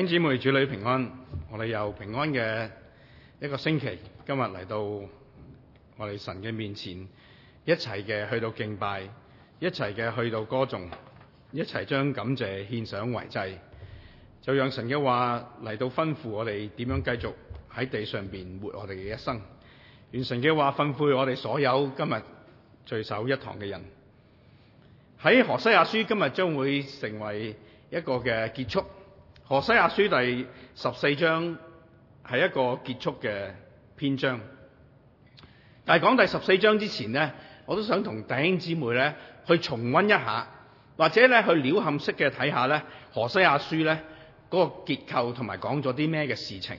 兄姊妹、主內平安，我哋又平安嘅一個星期。今日嚟到我哋神嘅面前，一齊嘅去到敬拜，一齊嘅去到歌頌，一齊將感謝獻上為祭。就讓神嘅話嚟到吩咐我哋點樣繼續喺地上邊活我哋嘅一生。願神嘅話吩咐我哋所有今日聚首一堂嘅人。喺何西阿書今日將會成為一個嘅結束。何西阿書第十四章係一個結束嘅篇章，但係講第十四章之前咧，我都想同弟兄姊妹咧去重温一下，或者咧去鳥瞰式嘅睇下咧何西阿書咧嗰、那個結構同埋講咗啲咩嘅事情，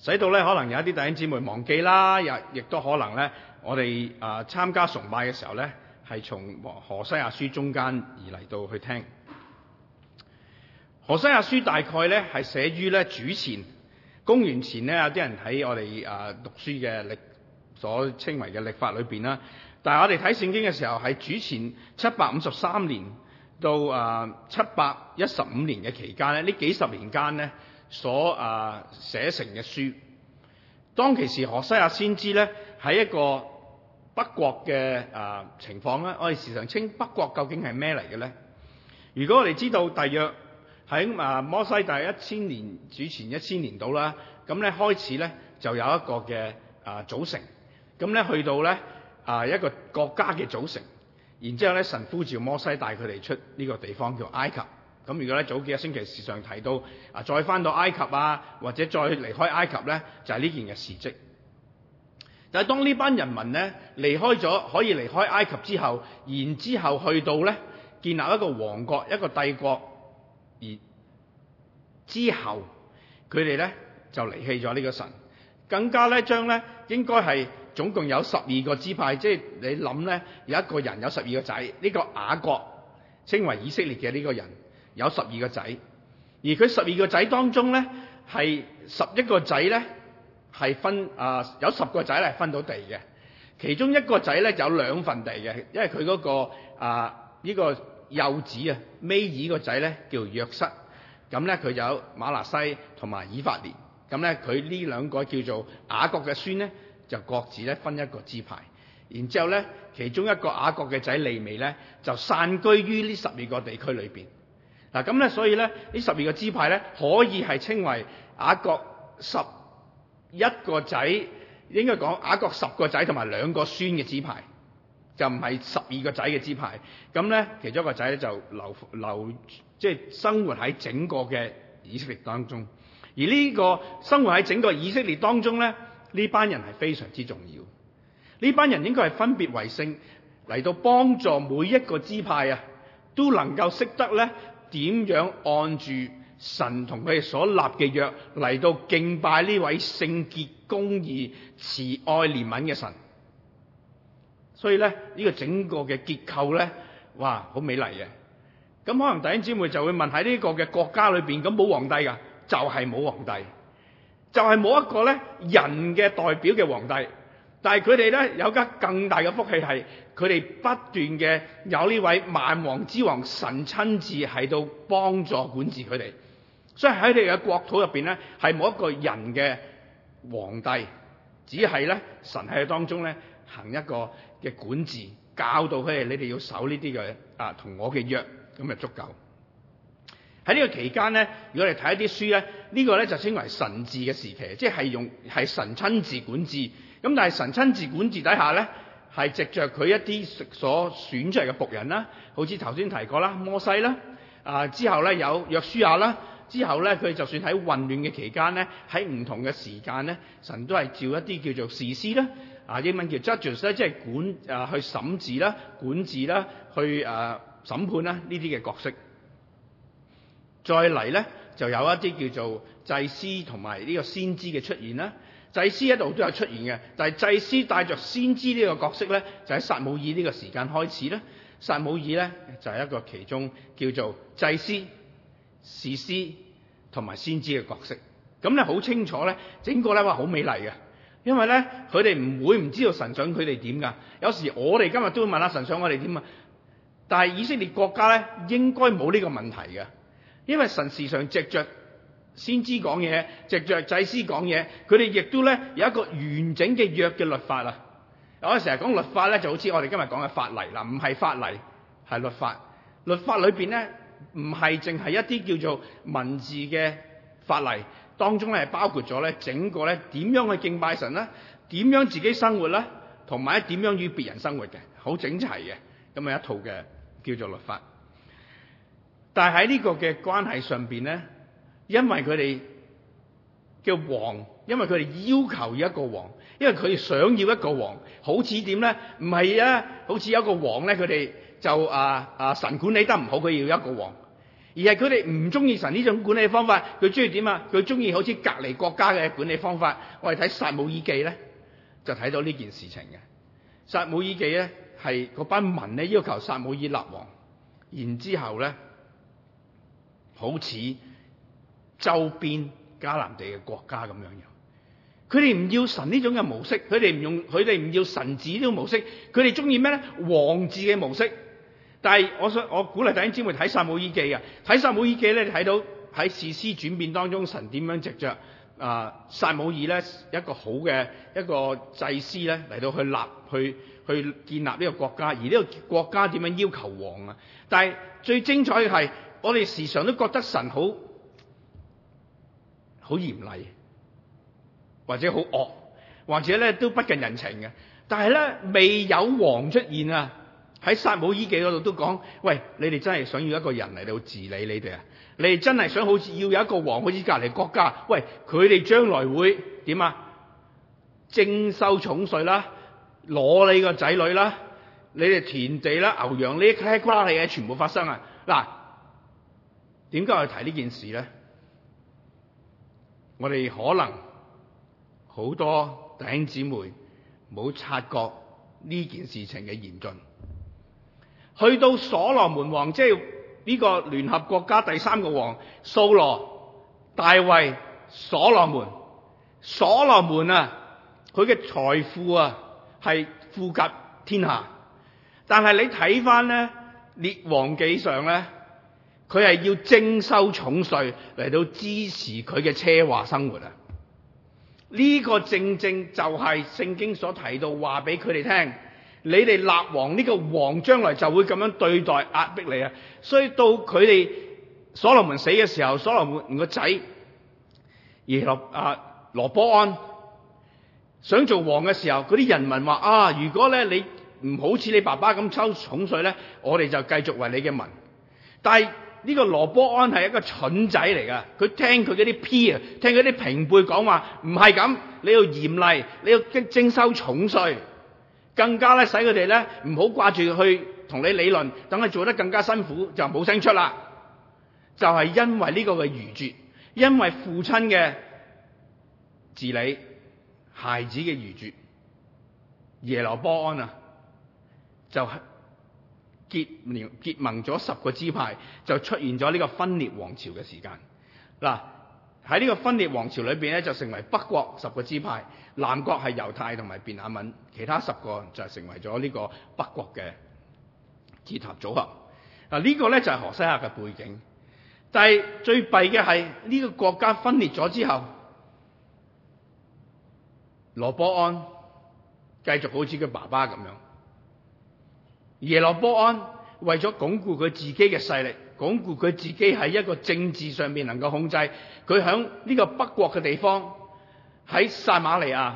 使到咧可能有一啲弟兄姊妹忘記啦，又亦都可能咧我哋啊、呃、參加崇拜嘅時候咧係從何西阿書中間而嚟到去聽。《何西阿書》大概咧係寫於咧主前公元前咧有啲人喺我哋啊、呃、讀書嘅歷所稱為嘅歷法裏邊啦。但係我哋睇聖經嘅時候係主前七百五十三年到啊七百一十五年嘅期間咧，呢幾十年間咧所啊、呃、寫成嘅書。當其時，何西阿先知咧喺一個北國嘅啊、呃、情況啦。我哋時常稱北國究竟係咩嚟嘅咧？如果我哋知道大約。喺啊摩西第一千年之前一千年到啦，咁咧開始咧就有一個嘅啊組成，咁咧去到咧啊一個國家嘅組成，然之後咧神呼召摩西帶佢哋出呢個地方叫埃及，咁如果咧早幾個星期時上提到啊，再返到埃及啊或者再離開埃及咧就係、是、呢件嘅事蹟。但係當呢班人民咧離開咗，可以離開埃及之後，然之後去到咧建立一個王國，一個帝國。而之後，佢哋咧就離棄咗呢個神，更加咧將咧應該係總共有十二個支派，即係你諗咧有一個人有十二個仔，呢、這個雅各稱為以色列嘅呢個人有十二個仔，而佢十二個仔當中咧係十一個仔咧係分啊、呃、有十個仔咧分到地嘅，其中一個仔咧有兩份地嘅，因為佢嗰個啊呢個。呃這個幼子啊，尾二個仔咧叫約瑟，咁咧佢有瑪拿西同埋以法蓮，咁咧佢呢兩個叫做雅各嘅孫咧，就各自咧分一個支派。然之後咧，其中一個雅各嘅仔利未咧，就散居於呢十二個地區裏邊。嗱，咁咧所以咧呢十二個支派咧，可以係稱為雅各十一個仔，應該講雅各十個仔同埋兩個孫嘅支派。就唔係十二個仔嘅支派，咁咧，其中一個仔咧就留留，即係生活喺整個嘅以色列當中。而呢個生活喺整個以色列當中咧，呢班人係非常之重要。呢班人應該係分別為聖，嚟到幫助每一個支派啊，都能夠識得咧點樣按住神同佢哋所立嘅約嚟到敬拜呢位聖潔公義慈愛憐憫嘅神。所以咧，呢、這個整個嘅結構咧，哇，好美麗嘅。咁、嗯、可能弟兄姊妹就會問喺呢個嘅國家裏邊，咁冇皇帝㗎，就係、是、冇皇帝，就係、是、冇一個咧人嘅代表嘅皇帝。但係佢哋咧有間更大嘅福氣係，佢哋不斷嘅有呢位萬王之王神親自喺度幫助管治佢哋。所以喺你嘅國土入邊咧，係冇一個人嘅皇帝，只係咧神喺當中咧，行一個嘅管治，教導佢哋，你哋要守呢啲嘅啊，同我嘅約咁就足夠。喺呢個期間咧，如果你睇一啲書咧，這個、呢個咧就稱為神治嘅時期，即係用係神親自管治。咁但係神親自管治底下咧，係藉着佢一啲所選出嚟嘅僕人啦，好似頭先提過啦，摩西啦，啊之後咧有約書亞啦，之後咧佢就算喺混亂嘅期間咧，喺唔同嘅時間咧，神都係照一啲叫做士師啦。啊，英文叫 judges 咧，即係管啊，去審治啦、管治啦、去啊、呃、審判啦，呢啲嘅角色。再嚟咧，就有一啲叫做祭司同埋呢個先知嘅出現啦。祭司一度都有出現嘅，但係祭司帶着先知呢個角色咧，就喺撒母耳呢個時間開始咧。撒母耳咧就係、是、一個其中叫做祭司、士師同埋先知嘅角色。咁咧好清楚咧，整個咧話好美麗嘅。因為咧，佢哋唔會唔知道神想佢哋點噶。有時我哋今日都會問下神想我哋點啊。但係以色列國家咧，應該冇呢個問題嘅。因為神時常藉著先知講嘢，藉著祭司講嘢，佢哋亦都咧有一個完整嘅約嘅律法啊。我哋成日講律法咧，就好似我哋今日講嘅法例嗱，唔係法例，係律法。律法裏邊咧，唔係淨係一啲叫做文字嘅法例。當中咧係包括咗咧整個咧點樣去敬拜神啦，點樣自己生活啦，同埋咧點樣與別人生活嘅，好整齊嘅咁嘅一套嘅叫做律法。但係喺呢個嘅關係上邊咧，因為佢哋嘅王，因為佢哋要求要一個王，因為佢哋想要一個王，好似點咧？唔係啊，好似有一個王咧，佢哋就啊，啊神管理得唔好，佢要一個王。而係佢哋唔中意神呢種管理方法，佢中意點啊？佢中意好似隔籬國家嘅管理方法。我哋睇撒母耳記咧，就睇到呢件事情嘅。撒母耳記咧係嗰班民咧要求撒母耳立王，然之後咧好似周邊迦南地嘅國家咁樣樣。佢哋唔要神呢種嘅模式，佢哋唔用，佢哋唔要神子呢種模式，佢哋中意咩咧？王子嘅模式。但係我想我鼓勵弟兄姊妹睇曬《撒母耳記》啊。睇曬《撒母耳記》咧，就睇到喺士師轉變當中，神點樣藉着啊撒母耳咧一個好嘅一個祭司咧嚟到去立、去去建立呢個國家。而呢個國家點樣要求王啊？但係最精彩嘅係，我哋時常都覺得神好好嚴厲，或者好惡，或者咧都不近人情嘅。但係咧，未有王出現啊！喺撒母耳記嗰度都講，喂，你哋真係想要一個人嚟到治理你哋啊？你哋真係想好似要有一個王，好似隔籬國家，喂，佢哋將來會點啊？徵收重稅啦，攞你個仔女啦，你哋田地啦、牛羊呢啲嘅瓜李嘅全部發生啊！嗱，點解我提呢件事咧？我哋可能好多弟兄姊妹冇察覺呢件事情嘅嚴峻。去到所羅門王，即係呢個聯合國家第三個王，掃羅、大衛、所羅門。所羅門啊，佢嘅財富啊，係富及天下。但係你睇翻咧列王記上咧，佢係要徵收重稅嚟到支持佢嘅奢華生活啊！呢個正正就係聖經所提到話俾佢哋聽。你哋立王，呢個王將來就會咁樣對待壓迫你啊！所以到佢哋所羅門死嘅時候，所羅門個仔耶羅啊羅波安想做王嘅時候，嗰啲人民話啊，如果咧你唔好似你爸爸咁抽重稅咧，我哋就繼續為你嘅民。但係呢個羅波安係一個蠢仔嚟噶，佢聽佢嗰啲 P 啊，聽嗰啲平輩講話唔係咁，你要嚴厲，你要徵收重稅。更加咧，使佢哋咧唔好掛住去同你理論，等佢做得更加辛苦就冇聲出啦。就係、就是、因為呢個嘅愚拙，因為父親嘅治理，孩子嘅愚拙。耶羅波安啊，就結結盟咗十個支派，就出現咗呢個分裂王朝嘅時間。嗱，喺呢個分裂王朝裏邊咧，就成為北國十個支派。南國係猶太同埋便雅憫，其他十個就成為咗呢個北國嘅結盟組合。嗱、這個、呢個咧就係、是、何西阿嘅背景。但係最弊嘅係呢個國家分裂咗之後，羅波安繼續好似佢爸爸咁樣。而羅波安為咗鞏固佢自己嘅勢力，鞏固佢自己喺一個政治上面能夠控制佢響呢個北國嘅地方。喺撒瑪利亞，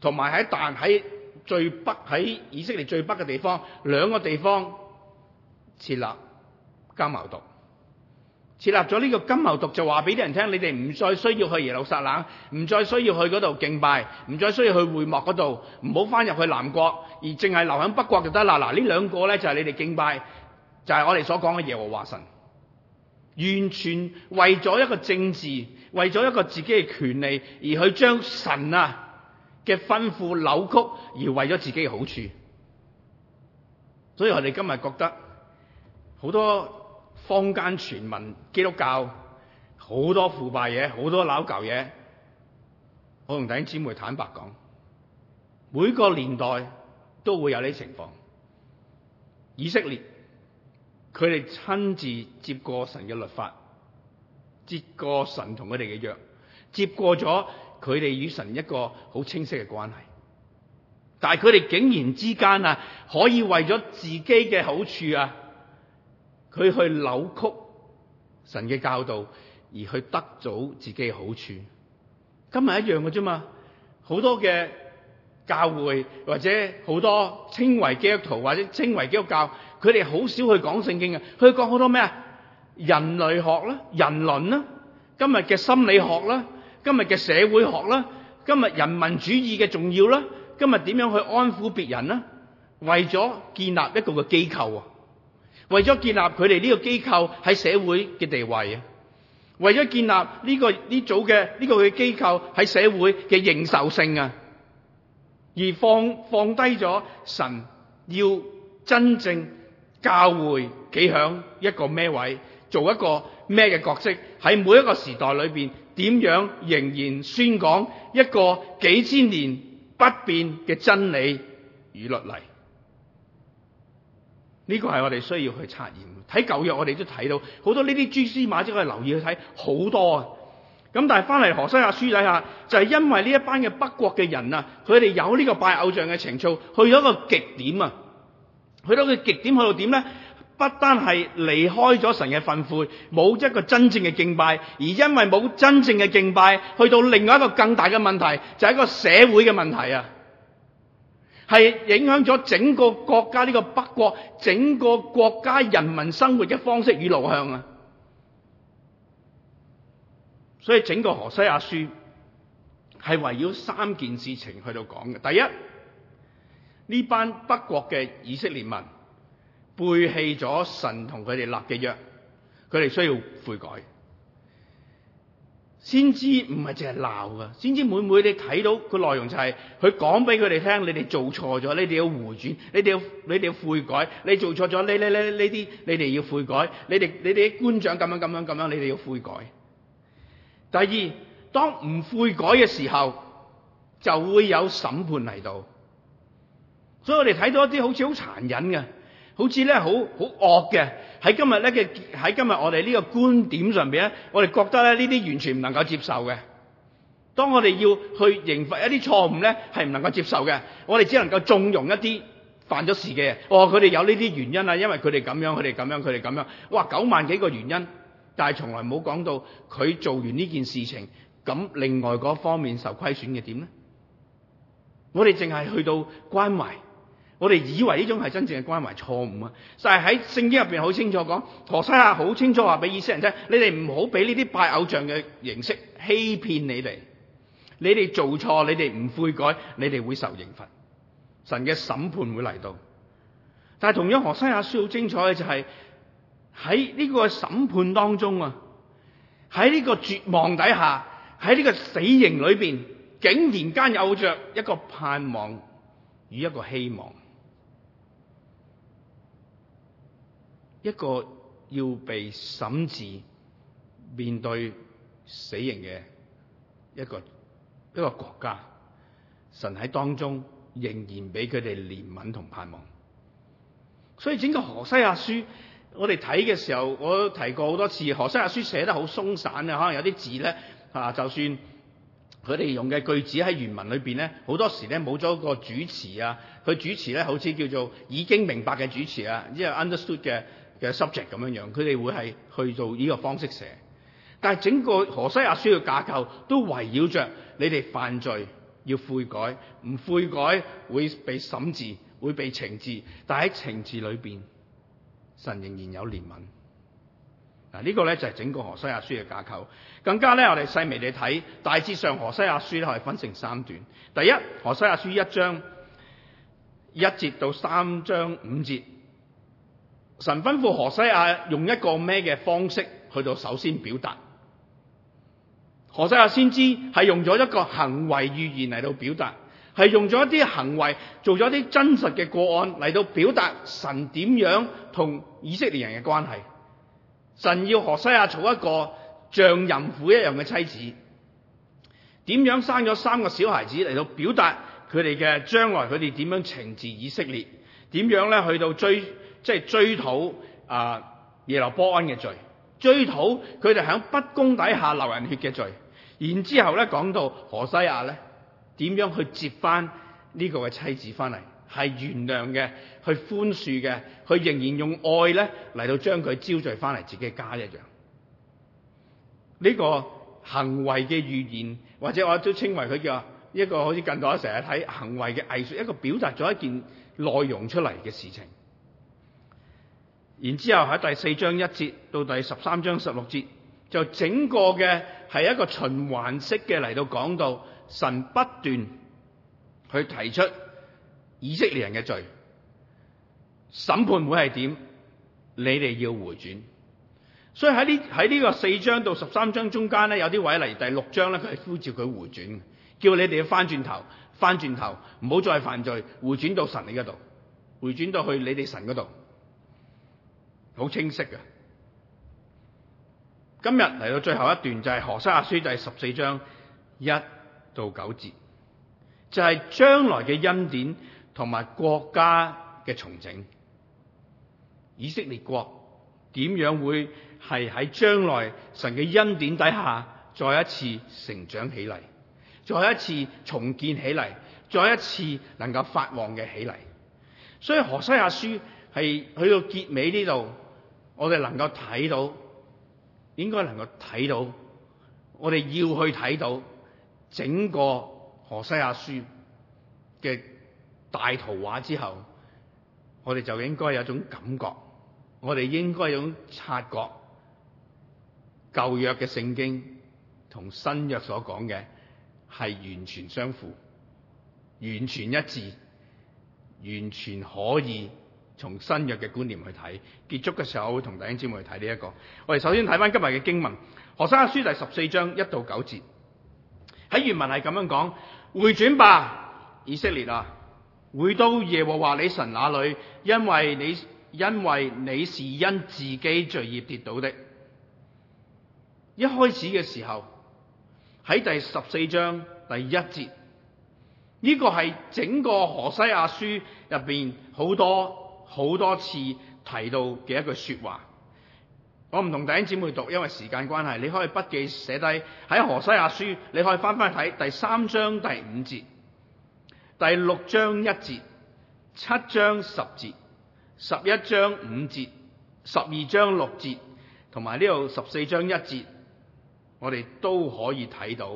同埋喺但喺最北喺以色列最北嘅地方，兩個地方設立金牛犢。設立咗呢個金牛犢，就話俾啲人聽：你哋唔再需要去耶路撒冷，唔再需要去嗰度敬拜，唔再需要去會幕嗰度，唔好翻入去南國，而淨係留喺北國就得啦。嗱，呢兩個咧就係你哋敬拜，就係我哋所講嘅耶和華神。完全為咗一個政治。為咗一個自己嘅權利，而去將神啊嘅吩咐扭曲，而為咗自己嘅好處。所以我哋今日覺得好多坊間傳聞基督教好多腐敗嘢，好多拗舊嘢。我同弟兄姊妹坦白講，每個年代都會有呢情況。以色列佢哋親自接過神嘅律法。接過神同佢哋嘅約，接過咗佢哋與神一個好清晰嘅關係。但係佢哋竟然之間啊，可以為咗自己嘅好處啊，佢去扭曲神嘅教導，而去得早自己嘅好處。今日一樣嘅啫嘛，好多嘅教會或者好多稱為基督徒或者稱為基督教，佢哋好少去講聖經啊，佢講好多咩啊？人類學啦、人倫啦、今日嘅心理學啦、今日嘅社會學啦、今日人民主義嘅重要啦、今日點樣去安撫別人啦？為咗建立一個嘅機構啊，為咗建立佢哋呢個機構喺社會嘅地位啊，為咗建立呢個呢組嘅呢個嘅機構喺社會嘅認受性啊，而放放低咗神要真正教會企響一個咩位？做一個咩嘅角色？喺每一個時代裏邊，點樣仍然宣講一個幾千年不變嘅真理與律例？呢、這個係我哋需要去察驗。睇舊約，我哋都睇到好多呢啲蛛絲馬跡，都係留意去睇好多啊。咁但係翻嚟何西阿書底下，就係、是、因為呢一班嘅北國嘅人啊，佢哋有呢個拜偶像嘅情操，去咗一個極點啊！去到個極點，去到點咧？不單係離開咗神嘅訓誨，冇一個真正嘅敬拜，而因為冇真正嘅敬拜，去到另外一個更大嘅問題，就係、是、一個社會嘅問題啊，係影響咗整個國家呢個北國，整個國家人民生活嘅方式與路向啊。所以整個何西阿書係圍繞三件事情去到講嘅，第一呢班北國嘅以色列民。背棄咗神同佢哋立嘅約，佢哋需要悔改。先知唔係淨係鬧噶，先知每每你睇到個內容就係佢講俾佢哋聽，你哋做錯咗，你哋要回轉，你哋要你哋要悔改，你做錯咗呢呢呢呢啲，你哋要悔改，你哋你哋啲官長咁樣咁樣咁樣，你哋要悔改。第二，當唔悔改嘅時候，就會有審判嚟到。所以我哋睇到一啲好似好殘忍嘅。好似咧，好好惡嘅喺今日咧嘅喺今日我哋呢個觀點上邊咧，我哋覺得咧呢啲完全唔能夠接受嘅。當我哋要去刑罰一啲錯誤咧，係唔能夠接受嘅。我哋只能夠縱容一啲犯咗事嘅。哇、哦！佢哋有呢啲原因啊，因為佢哋咁樣，佢哋咁樣，佢哋咁樣。哇！九萬幾個原因，但係從來冇講到佢做完呢件事情，咁另外嗰方面受虧損嘅點咧？我哋淨係去到關懷。我哋以為呢種係真正嘅關懷，錯誤啊！就係喺聖經入邊好清楚講，何西阿好清楚話俾以色列人聽，你哋唔好俾呢啲拜偶像嘅形式欺騙你哋，你哋做錯，你哋唔悔改，你哋會受刑罰。神嘅審判會嚟到。但係同樣，何西阿書好精彩嘅就係喺呢個審判當中啊，喺呢個絕望底下，喺呢個死刑裏邊，竟然間有着一個盼望與一個希望。一個要被審治、面對死刑嘅一個一個國家，神喺當中仍然俾佢哋憐憫同盼望。所以整個何西阿書，我哋睇嘅時候，我提過好多次。何西阿書寫得好鬆散嘅，可能有啲字咧啊，就算佢哋用嘅句子喺原文裏邊咧、啊，好多時咧冇咗個主詞啊，佢主詞咧好似叫做已經明白嘅主詞啊，即係 understood 嘅。嘅 subject 咁樣樣，佢哋會係去做呢個方式寫。但係整個何西亞書嘅架構都圍繞着你哋犯罪要悔改，唔悔改會被審治、會被懲治。但係喺懲治裏邊，神仍然有憐憫。嗱、啊，這個、呢個咧就係、是、整個何西亞書嘅架構。更加咧，我哋細微地睇，大致上何西亞書咧係分成三段。第一，何西亞書一章一節到三章五節。神吩咐何西阿用一個咩嘅方式去到首先表達？何西阿先知係用咗一個行為預言嚟到表達，係用咗一啲行為做咗啲真實嘅個案嚟到表達神點樣同以色列人嘅關係。神要何西阿做一個像淫婦一樣嘅妻子，點樣生咗三個小孩子嚟到表達佢哋嘅將來，佢哋點樣懲治以色列？點樣咧去到追。即係追討啊耶羅波安嘅罪，追討佢哋響不公底下流人血嘅罪，然之後咧講到何西阿咧點樣去接翻呢個嘅妻子翻嚟，係原諒嘅，去寬恕嘅，佢仍然用愛咧嚟到將佢招聚翻嚟自己嘅家一樣。呢、這個行為嘅預言，或者我都稱為佢叫一,一個好似近代我成日睇行為嘅藝術，一個表達咗一件內容出嚟嘅事情。然之後喺第四章一節到第十三章十六節，就整個嘅係一個循環式嘅嚟到講到神不斷去提出以色列人嘅罪，審判會係點？你哋要回轉。所以喺呢喺呢個四章到十三章中間咧，有啲位嚟第六章咧，佢係呼召佢回轉，叫你哋要返轉頭，返轉頭唔好再犯罪，回轉到神你嗰度，回轉到去你哋神嗰度。好清晰嘅，今日嚟到最後一段就係、是、何西阿書第十四章一到九節，就係、是、將來嘅恩典同埋國家嘅重整，以色列國點樣會係喺將來神嘅恩典底下再一次成長起嚟，再一次重建起嚟，再一次能夠發旺嘅起嚟。所以何西阿書係去到結尾呢度。我哋能夠睇到，應該能夠睇到，我哋要去睇到整個何西阿書嘅大圖畫之後，我哋就應該有一種感覺，我哋應該有種察覺，舊約嘅聖經同新約所講嘅係完全相符，完全一致，完全可以。從新約嘅觀念去睇，結束嘅時候我會同弟兄姐妹去睇呢一個。我哋首先睇返今日嘅經文，何西阿書第十四章一到九節，喺原文係咁樣講：回轉吧，以色列啊，回到耶和華你神那裡，因為你因為你是因自己罪孽跌倒的。一開始嘅時候，喺第十四章第一節，呢、這個係整個何西阿書入邊好多。好多次提到嘅一句說話，我唔同弟兄姊妹讀，因為時間關係，你可以筆記寫低喺何西阿書，你可以翻翻睇，第三章第五節、第六章一節、七章十節、十一章五節、十二章六節，同埋呢度十四章一節，我哋都可以睇到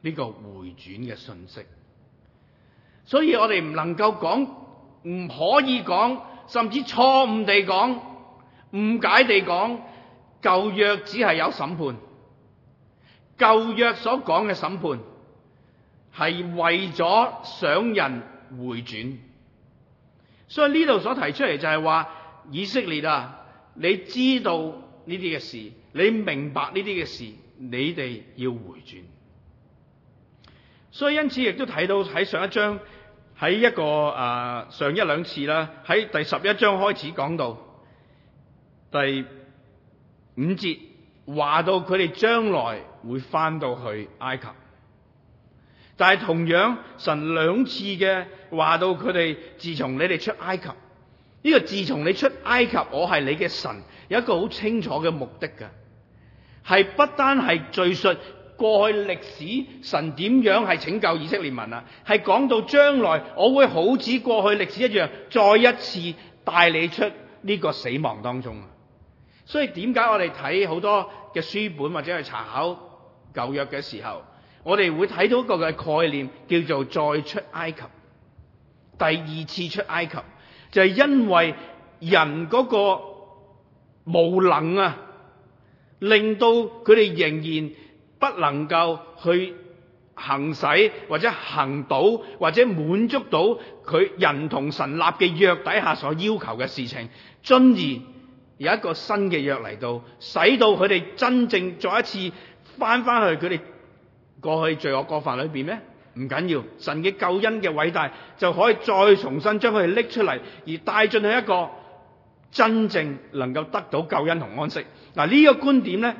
呢個回轉嘅信息。所以我哋唔能夠講。唔可以講，甚至錯誤地講、誤解地講，舊約只係有審判，舊約所講嘅審判係為咗想人回轉。所以呢度所提出嚟就係話，以色列啊，你知道呢啲嘅事，你明白呢啲嘅事，你哋要回轉。所以因此亦都睇到喺上一章。喺一個啊、呃，上一兩次啦，喺第十一章開始講到第五節，話到佢哋將來會返到去埃及。但係同樣，神兩次嘅話到佢哋，自從你哋出埃及，呢、這個自從你出埃及，我係你嘅神，有一個好清楚嘅目的㗎，係不單係敘述。過去歷史神點樣係拯救以色列民啊？係講到將來我會好似過去歷史一樣，再一次帶你出呢個死亡當中啊！所以點解我哋睇好多嘅書本或者去查考舊約嘅時候，我哋會睇到一個嘅概念叫做再出埃及，第二次出埃及，就係因為人嗰個無能啊，令到佢哋仍然。不能夠去行使或者行到或者滿足到佢人同神立嘅約底下所要求嘅事情，進而有一個新嘅約嚟到，使到佢哋真正再一次翻翻去佢哋過去罪惡過犯裏邊咩？唔緊要，神嘅救恩嘅偉大就可以再重新將佢哋拎出嚟，而帶進去一個真正能夠得到救恩同安息。嗱呢個觀點呢。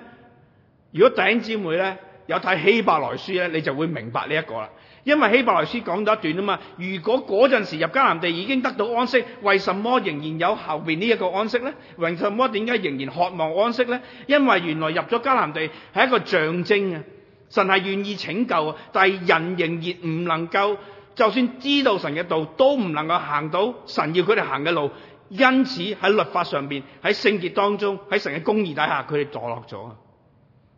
如果弟兄姊妹咧有睇希伯來書咧，你就會明白呢一個啦。因為希伯來書講咗一段啊嘛。如果嗰陣時入迦南地已經得到安息，為什麼仍然有後邊呢一個安息咧？為什麼點解仍然渴望安息咧？因為原來入咗迦南地係一個象徵啊。神係願意拯救啊，但係人仍然唔能夠，就算知道神嘅道，都唔能夠行到神要佢哋行嘅路。因此喺律法上邊，喺聖潔當中，喺神嘅公義底下，佢哋墮落咗啊。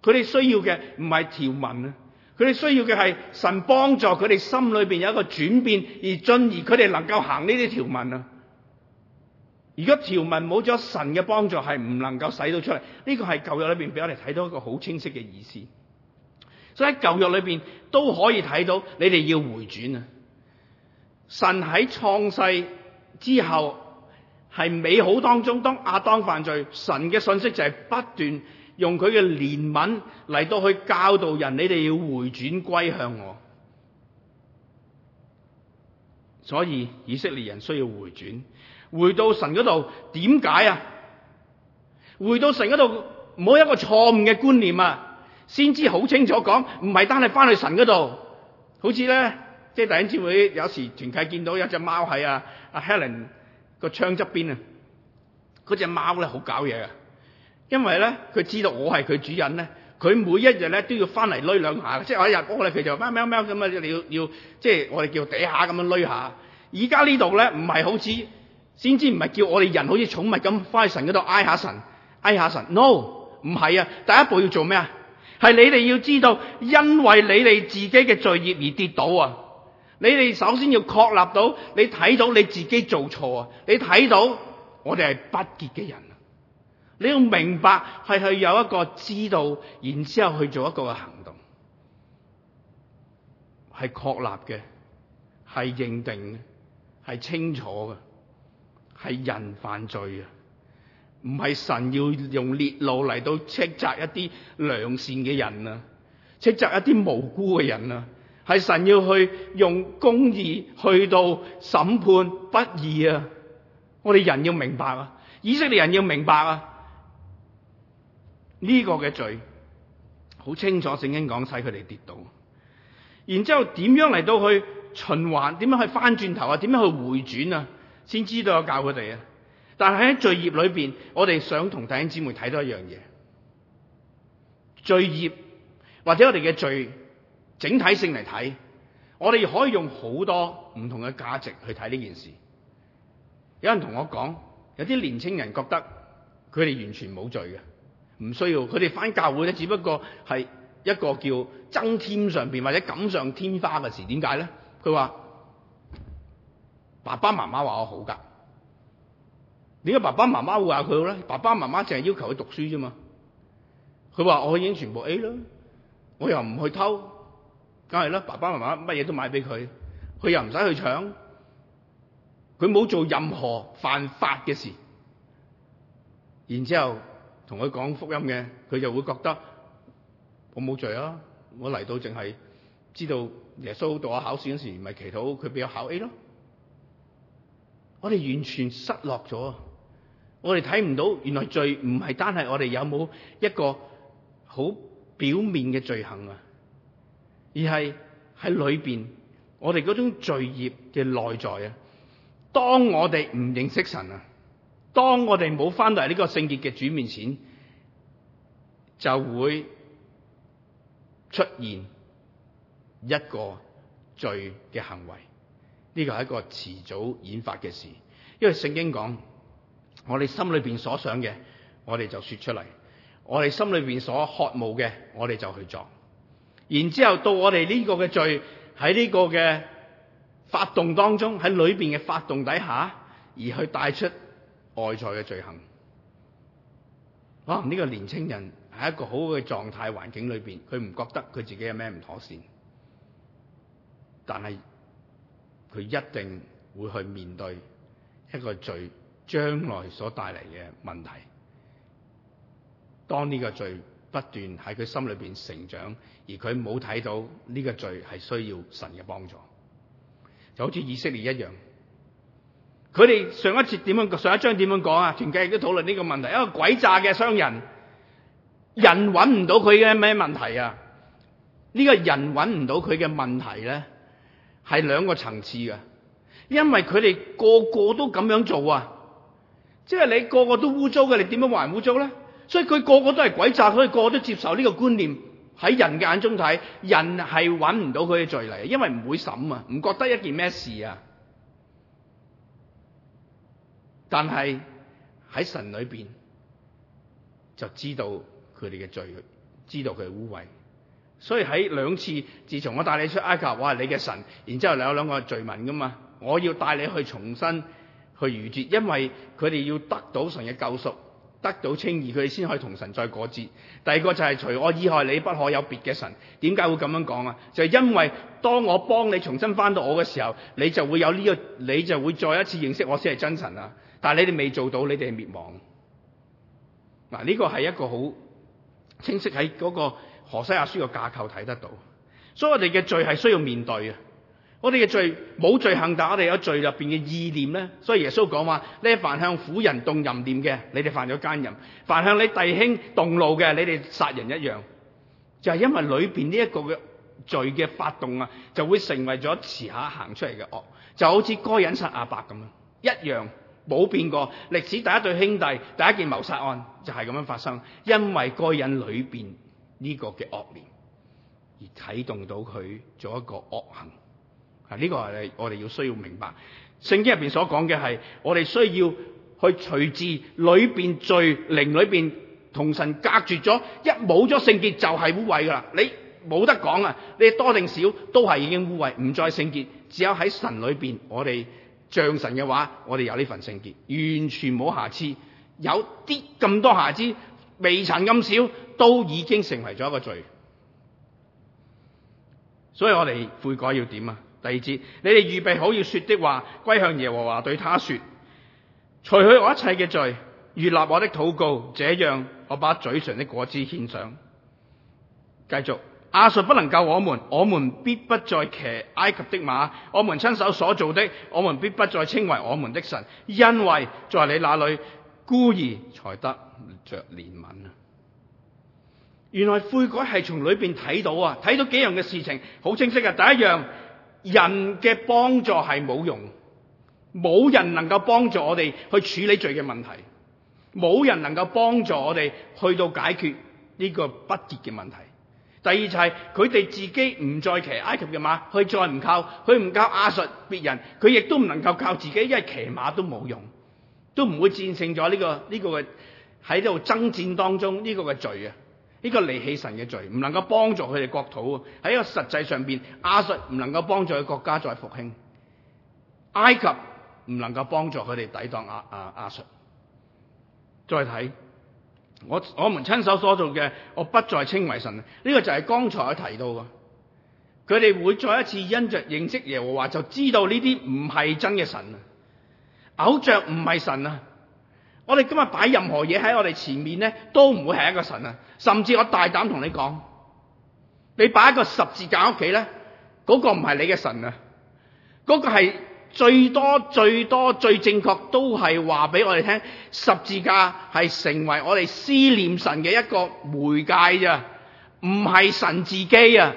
佢哋需要嘅唔係條文啊，佢哋需要嘅係神幫助佢哋心裏邊有一個轉變而，而進而佢哋能夠行呢啲條文啊。如果條文冇咗神嘅幫助，係唔能夠使到出嚟。呢、這個係舊約裏邊俾我哋睇到一個好清晰嘅意思。所以喺舊約裏邊都可以睇到，你哋要回轉啊！神喺創世之後係美好當中，當亞當犯罪，神嘅信息就係不斷。用佢嘅憐憫嚟，到去教導人，你哋要回轉歸向我。所以以色列人需要回轉，回到神嗰度。點解啊？回到神嗰度，唔好有一個錯誤嘅觀念是是啊，先知好清楚講，唔係單係翻去神嗰度。好似咧，即係第一支會有時團契見到有隻貓喺啊，阿 Helen 個窗側邊啊，嗰隻貓咧好搞嘢啊！因為咧，佢知道我係佢主人咧，佢每一日咧都要翻嚟攣兩下，即係我一日過咧佢就喵喵喵咁啊，你要要，即係我哋叫地下咁樣攣下。而家呢度咧唔係好似，先知唔係叫我哋人好似寵物咁翻去神度哀下神，哀下神。No，唔係啊，第一步要做咩啊？係你哋要知道，因為你哋自己嘅罪孽而跌倒啊！你哋首先要確立到，你睇到你自己做錯啊！你睇到我哋係不潔嘅人。你要明白係去有一個知道，然之後去做一個嘅行動，係確立嘅，係認定嘅，係清楚嘅，係人犯罪啊，唔係神要用烈怒嚟到斥責一啲良善嘅人啊，斥責一啲無辜嘅人啊，係神要去用公義去到審判不義啊，我哋人要明白啊，以色列人要明白啊。呢個嘅罪好清楚，聖經講使佢哋跌倒，然之後點樣嚟到去循環？點樣去翻轉頭啊？點樣去回轉啊？先知道我教佢哋啊！但係喺罪孽裏邊，我哋想同弟兄姊妹睇多一樣嘢。罪孽或者我哋嘅罪整體性嚟睇，我哋可以用好多唔同嘅價值去睇呢件事。有人同我講，有啲年青人覺得佢哋完全冇罪嘅。唔需要，佢哋返教會咧，只不過係一個叫增添上邊或者錦上添花嘅事。點解咧？佢話爸爸媽媽話我好噶，點解爸爸媽媽會話佢好咧？爸爸媽媽淨係要求佢讀書啫嘛。佢話我已經全部 A 啦，我又唔去偷，梗係啦。爸爸媽媽乜嘢都買俾佢，佢又唔使去搶，佢冇做任何犯法嘅事，然之後。同佢講福音嘅，佢就會覺得我冇罪啊！我嚟到淨係知道耶穌到我考試嗰時，咪祈禱佢俾我考 A 咯。我哋完全失落咗啊。我哋睇唔到原來罪唔係單係我哋有冇一個好表面嘅罪行啊，而係喺裏邊我哋嗰種罪業嘅內在啊。當我哋唔認識神啊！當我哋冇翻到嚟呢個聖潔嘅主面前，就會出現一個罪嘅行為。呢個係一個遲早演發嘅事，因為聖經講，我哋心裏邊所想嘅，我哋就說出嚟；我哋心裏邊所渴慕嘅，我哋就去做。然之後到我哋呢個嘅罪喺呢個嘅發動當中，喺裏邊嘅發動底下，而去帶出。外在嘅罪行，可能呢個年青人喺一個好好嘅狀態環境裏邊，佢唔覺得佢自己有咩唔妥善，但係佢一定會去面對一個罪將來所帶嚟嘅問題。當呢個罪不斷喺佢心裏邊成長，而佢冇睇到呢個罪係需要神嘅幫助，就好似以色列一樣。佢哋上一節點樣？上一章點樣講啊？團契亦都討論呢個問題，因為鬼詐嘅商人，人揾唔到佢嘅咩問題啊？呢個人揾唔到佢嘅問題咧，係兩個層次嘅，因為佢哋個個都咁樣做啊，即係你個個都污糟嘅，你點樣還污糟咧？所以佢個個都係鬼詐，所以個個都接受呢個觀念。喺人嘅眼中睇，人係揾唔到佢嘅罪嚟，因為唔會審啊，唔覺得一件咩事啊。但係喺神裏邊就知道佢哋嘅罪，知道佢嘅污穢，所以喺兩次，自從我帶你出埃及，我係你嘅神，然之後又有兩個罪民㗎嘛，我要帶你去重新去逾越，因為佢哋要得到神嘅救贖，得到稱義，佢哋先可以同神再過節。第二個就係、是、除我以外你不可有別嘅神，點解會咁樣講啊？就是、因為當我幫你重新返到我嘅時候，你就會有呢、這個，你就會再一次認識我先係真神啊！但係你哋未做到，你哋係滅亡。嗱，呢個係一個好清晰喺嗰個何西阿書嘅架構睇得到。所以我哋嘅罪係需要面對嘅。我哋嘅罪冇罪行，但我哋有罪入邊嘅意念咧。所以耶穌講話：呢一凡向婦人動淫念嘅，你哋犯咗奸淫；凡向你弟兄動怒嘅，你哋殺人一樣。就係、是、因為裏邊呢一個嘅罪嘅發動啊，就會成為咗遲下行出嚟嘅惡。就好似該隱殺亞伯咁樣，一樣。冇變過，歷史第一對兄弟，第一件謀殺案就係咁樣發生，因為該人裏邊呢個嘅惡念而啟動到佢做一個惡行。啊，呢個係我哋要需要明白，聖經入邊所講嘅係我哋需要去除治裏邊罪靈裏邊同神隔絕咗，一冇咗聖潔就係污穢㗎喇，你冇得講啊，你多定少都係已經污穢，唔再聖潔，只有喺神裏邊我哋。像神嘅話，我哋有呢份聖潔，完全冇瑕疵。有啲咁多瑕疵，未曾咁少，都已經成為咗一個罪。所以我哋悔改要點啊？第二節，你哋預備好要說的話，歸向耶和華對他說：除去我一切嘅罪，悅納我的禱告，這樣我把嘴唇的果子獻上。繼續。亞述不能救我們，我們必不再騎埃及的馬。我們親手所做的，我們必不再稱為我們的神，因為在你那裏，孤兒才得着憐憫啊！原來悔改係從裏邊睇到啊，睇到幾樣嘅事情好清晰嘅。第一樣，人嘅幫助係冇用，冇人能夠幫助我哋去處理罪嘅問題，冇人能夠幫助我哋去到解決呢個不潔嘅問題。第二就係佢哋自己唔再騎埃及嘅馬，佢再唔靠，佢唔靠亞述，別人佢亦都唔能夠靠自己，因為騎馬都冇用，都唔會戰勝咗呢個呢個嘅喺度爭戰當中呢個嘅罪啊，呢個離棄神嘅罪，唔能夠幫助佢哋國土喺一個實際上邊，亞述唔能夠幫助佢國家再復興，埃及唔能夠幫助佢哋抵擋亞亞亞述。再睇。我我們親手所做嘅，我不再稱為神。呢、這個就係剛才我提到嘅，佢哋會再一次因着認識耶和華，就知道呢啲唔係真嘅神，偶像唔係神啊！我哋今日擺任何嘢喺我哋前面咧，都唔會係一個神啊！甚至我大膽同你講，你擺一個十字架喺屋企咧，嗰、那個唔係你嘅神啊，嗰、那個係。最多最多最正確都係話俾我哋聽，十字架係成為我哋思念神嘅一個媒介啫，唔係神自己啊！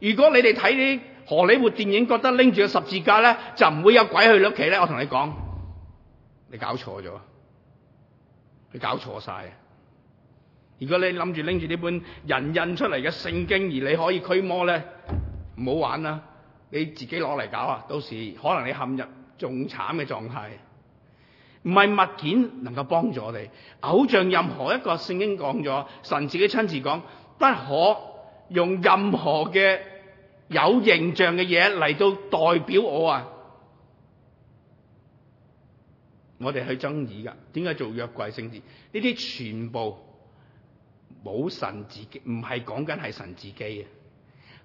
如果你哋睇啲荷里活電影，覺得拎住個十字架咧，就唔會有鬼去你屋企咧，我同你講，你搞錯咗，你搞錯晒！如果你諗住拎住呢本人印出嚟嘅聖經而你可以驅魔咧，唔好玩啦！你自己攞嚟搞啊！到時可能你陷入仲慘嘅狀態，唔係物件能夠幫助我哋。偶像任何一個聖經講咗，神自己親自講，不可用任何嘅有形象嘅嘢嚟到代表我啊！我哋去爭議噶，點解做約櫃聖殿？呢啲全部冇神自己，唔係講緊係神自己啊。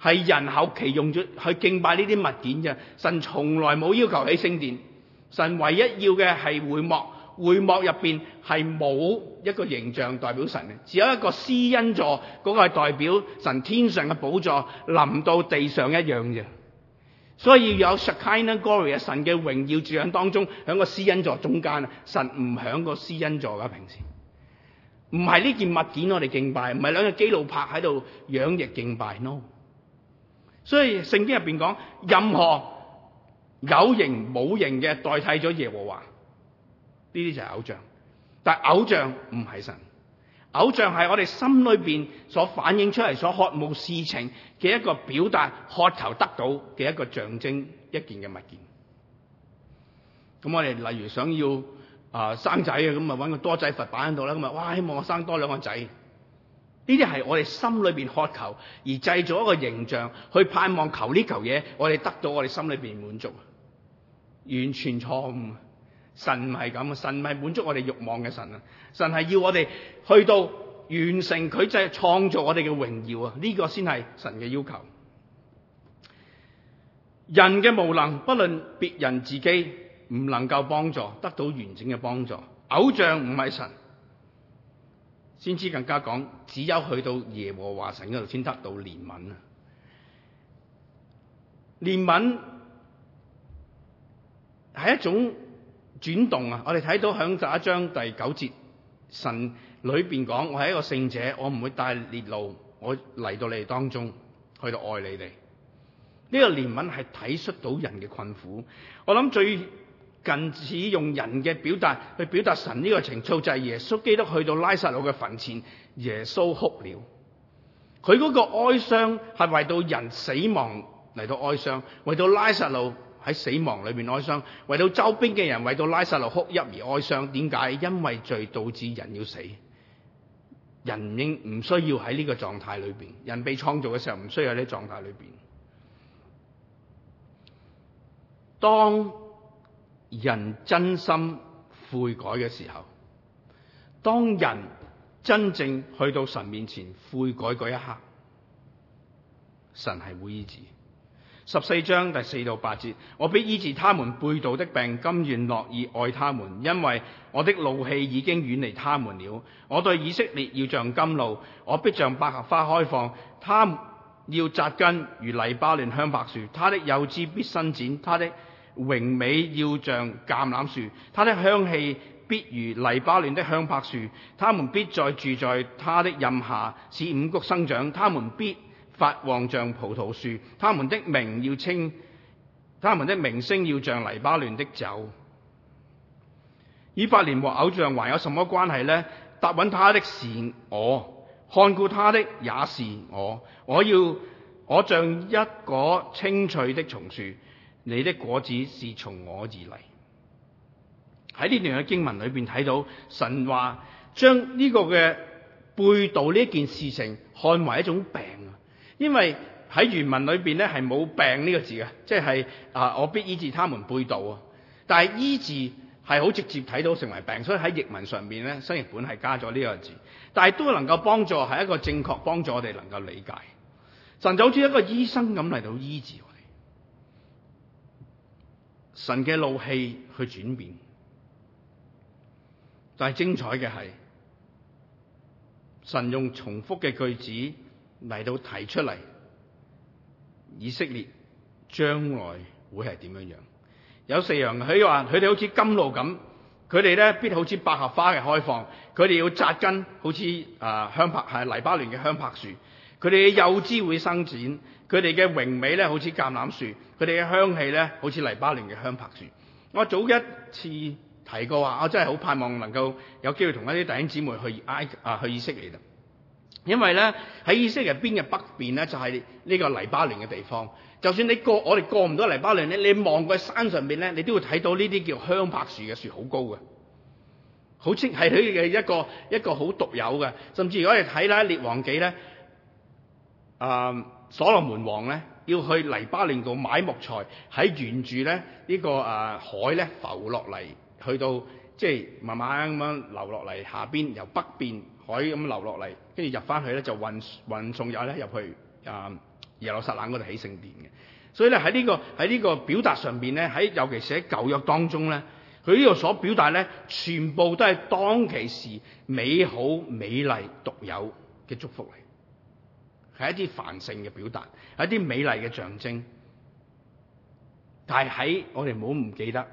係人口期用咗去敬拜呢啲物件嘅神，從來冇要求喺聖殿。神唯一要嘅係會幕，會幕入邊係冇一個形象代表神嘅，只有一個施恩座，嗰、那個係代表神天上嘅寶座，臨到地上一樣啫。所以要有 Shakina g o r i a 神嘅榮耀住喺當中，喺個施恩座中間啊！神唔響個施恩座噶平時，唔係呢件物件我哋敬拜，唔係兩隻基路柏喺度仰翼敬拜咯。No. 所以聖經入邊講，任何有形冇形嘅代替咗耶和華，呢啲就係偶像。但係偶像唔係神，偶像係我哋心裏邊所反映出嚟、所渴慕事情嘅一個表達、渴求得到嘅一個象徵一件嘅物件。咁我哋例如想要啊、呃、生仔啊咁啊揾個多仔佛板喺度啦，咁啊，哇希望我生多兩個仔。呢啲係我哋心裏邊渴求而製造一個形象，去盼望求呢球嘢，我哋得到我哋心裏邊滿足，完全錯誤。神唔係咁，神唔係滿足我哋欲望嘅神啊，神係要我哋去到完成佢製創造我哋嘅榮耀啊，呢、呢個先係神嘅要求。人嘅無能，不論別人自己唔能夠幫助，得到完整嘅幫助，偶像唔係神。先知更加講，只有去到耶和華神嗰度先得到憐憫啊！憐憫係一種轉動啊！我哋睇到響第一章第九節，神裏邊講：我係一個聖者，我唔會帶烈怒，我嚟到你哋當中，去到愛你哋。呢、呢個憐憫係體恤到人嘅困苦。我諗最近似用人嘅表達去表達神呢個情操，就係耶穌基督去到拉撒路嘅墳前，耶穌哭了。佢嗰個哀傷係為到人死亡嚟到哀傷，為到拉撒路喺死亡裏面哀傷，為到周邊嘅人，為到拉撒路哭泣而哀傷。點解？因為罪導致人要死，人應唔需要喺呢個狀態裏邊，人被創造嘅時候唔需要喺呢狀態裏邊。當人真心悔改嘅時候，當人真正去到神面前悔改嗰一刻，神係會醫治。十四章第四到八節，我必醫治他們背道的病，甘願樂意愛他們，因為我的怒氣已經遠離他們了。我對以色列要像甘露，我必像百合花開放，他要扎根如黎巴嫩香柏樹，他的幼枝必伸展，他的。榮美要像橄欖樹，它的香氣必如黎巴嫩的香柏樹，他們必再住在它的蔭下，使五穀生長，他們必發旺像葡萄樹，他們的名要稱，他們的名聲要像黎巴嫩的酒。以法蓮和偶像還有什麼關係呢？搭穩他的是我，看顧他的也是我。我要我像一棵青翠的松樹。你的果子是從我而嚟。喺呢段嘅經文裏邊睇到，神話將呢個嘅背道呢件事情看為一種病啊！因為喺原文裏邊咧係冇病呢個字啊，即係啊我必醫治他們背道啊！但係醫治係好直接睇到成為病，所以喺譯文上面咧新譯本係加咗呢個字，但係都能夠幫助係一個正確幫助我哋能夠理解。神就好似一個醫生咁嚟到醫治。神嘅怒氣去轉變，但係精彩嘅係，神用重複嘅句子嚟到提出嚟，以色列將來會係點樣樣？有四樣佢話，佢哋好似甘露咁，佢哋咧必好似百合花嘅開放，佢哋要紮根好似啊香柏係黎巴嫩嘅香柏樹。佢哋嘅幼枝會生展，佢哋嘅榮美咧好似橄欖樹，佢哋嘅香氣咧好似黎巴嫩嘅香柏樹。我早一次提過話，我真係好盼望能夠有機會同一啲弟兄姊妹去埃啊去以色列，因為咧喺以色列入邊嘅北邊咧就係、是、呢個黎巴嫩嘅地方。就算你過我哋過唔到黎巴嫩咧，你望過山上邊咧，你都會睇到呢啲叫香柏樹嘅樹，好高嘅，好似係佢嘅一個一個好獨有嘅。甚至如果你睇咧列王紀咧。啊！所羅門王咧，要去黎巴嫩度買木材，喺沿住咧呢、這個誒、啊、海咧浮落嚟，去到即係慢慢咁樣流落嚟下邊，由北邊海咁流落嚟，跟住入翻去咧就運運送有咧入去啊耶路撒冷度起聖殿嘅。所以咧喺呢個喺呢個表達上邊咧，喺尤其是喺舊約當中咧，佢呢個所表達咧，全部都係當其時美好美麗獨有嘅祝福嚟。係一啲繁盛嘅表達，係一啲美麗嘅象徵。但係喺我哋唔好唔記得，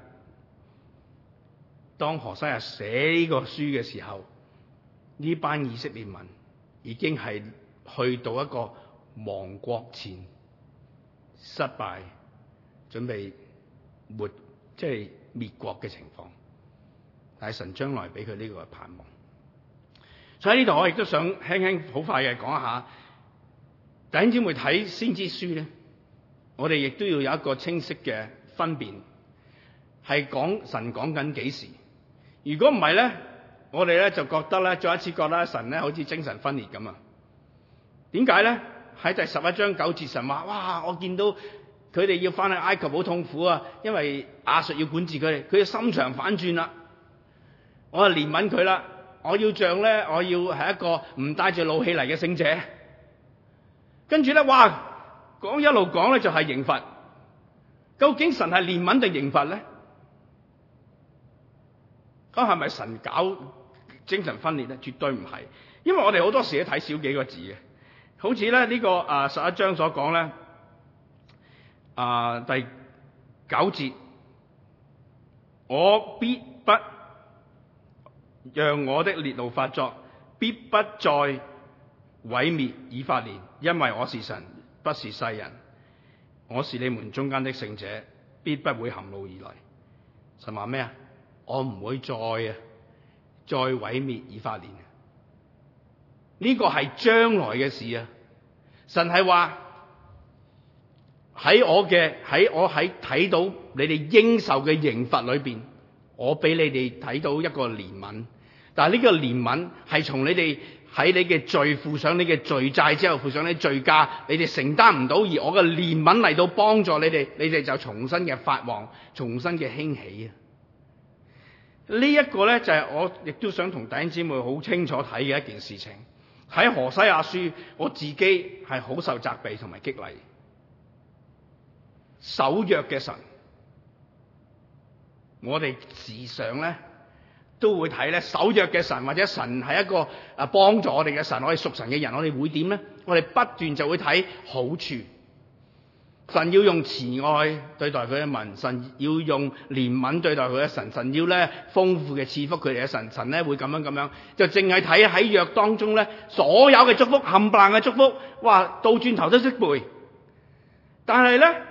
當何西阿寫呢個書嘅時候，呢班以色列民已經係去到一個亡國前失敗、準備滅即係滅國嘅情況。但係神將來俾佢呢個盼望。所以呢度我亦都想輕輕好快嘅講一下。第一，只會睇先知書咧，我哋亦都要有一個清晰嘅分辨，係講神講緊幾時。如果唔係咧，我哋咧就覺得咧，再一次覺得神咧好似精神分裂咁啊。點解咧？喺第十一章九節神話，哇！我見到佢哋要翻去埃及好痛苦啊，因為亞述要管治佢哋，佢要心腸反轉啦、啊。我啊憐憫佢啦，我要像咧，我要係一個唔帶住怒氣嚟嘅聖者。跟住咧，哇！講一路講咧就係刑罰。究竟神係憐憫定刑罰咧？咁係咪神搞精神分裂咧？絕對唔係，因為我哋好多時都睇少幾個字嘅。好似咧呢個啊十一章所講咧啊第九節，我必不讓我的烈怒發作，必不再，毀滅以法蓮，因為我是神，不是世人。我是你們中間的聖者，必不會含怒而來。神話咩啊？我唔會再啊，再毀滅以法蓮。呢、呢個係將來嘅事啊！神係話喺我嘅喺我喺睇到你哋應受嘅刑罰裏邊，我俾你哋睇到一個憐憫。但係呢個憐憫係從你哋。喺你嘅罪負上，你嘅罪債之後負上你罪價，你哋承擔唔到，而我嘅憐憫嚟到幫助你哋，你哋就重新嘅發旺，重新嘅興起啊！這個、呢一個咧就係、是、我亦都想同弟兄姊妹好清楚睇嘅一件事情。喺何西阿書，我自己係好受責備同埋激勵，守約嘅神，我哋時常咧。都會睇咧，守約嘅神或者神係一個誒幫助我哋嘅神，我哋屬神嘅人，我哋會點咧？我哋不斷就會睇好處。神要用慈愛對待佢嘅民，神要用憐憫對待佢嘅神，神要咧豐富嘅賜福佢哋嘅神，神咧會咁樣咁樣，就淨係睇喺約當中咧所有嘅祝福，冚唪唥嘅祝福，哇，倒轉頭都識背。但係咧。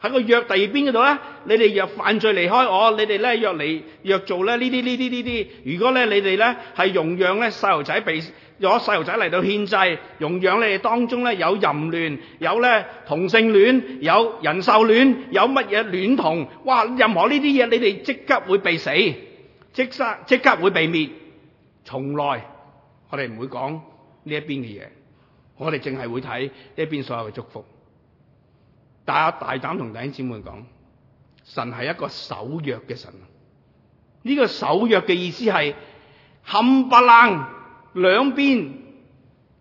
喺個約第二邊嗰度咧，你哋若犯罪離開我，你哋咧約嚟約做咧呢啲呢啲呢啲。如果咧你哋咧係容讓咧細路仔被攞細路仔嚟到獻祭，容讓你哋當中咧有淫亂，有咧同性戀，有人獸戀，有乜嘢戀童，哇！任何呢啲嘢，你哋即刻會被死，即殺即刻會被滅。從來我哋唔會講呢一邊嘅嘢，我哋淨係會睇呢一邊所有嘅祝福。但我大大膽同弟兄姊妹講，神係一個守約嘅神。呢個守約嘅意思係冚唪唥兩邊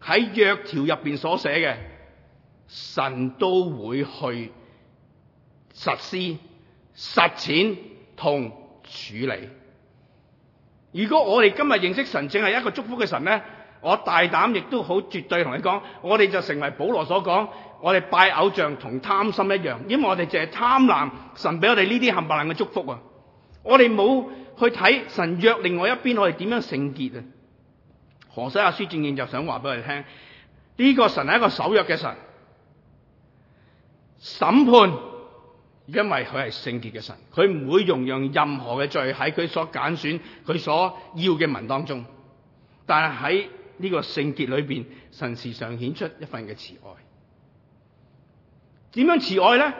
喺約條入邊所寫嘅，神都會去實施、實踐同處理。如果我哋今日認識神淨係一個祝福嘅神咧，我大膽亦都好絕對同你講，我哋就成為保羅所講。我哋拜偶像同貪心一樣，因為我哋淨係貪婪神俾我哋呢啲冚唪唥嘅祝福啊！我哋冇去睇神約，另外一邊我哋點樣聖潔啊？何西阿書正正就想話俾佢哋聽，呢個神係一個守約嘅神，審判，因為佢係聖潔嘅神，佢唔會容讓任何嘅罪喺佢所揀選、佢所要嘅民當中。但係喺呢個聖潔裏邊，神時常顯出一份嘅慈愛。點樣慈愛咧？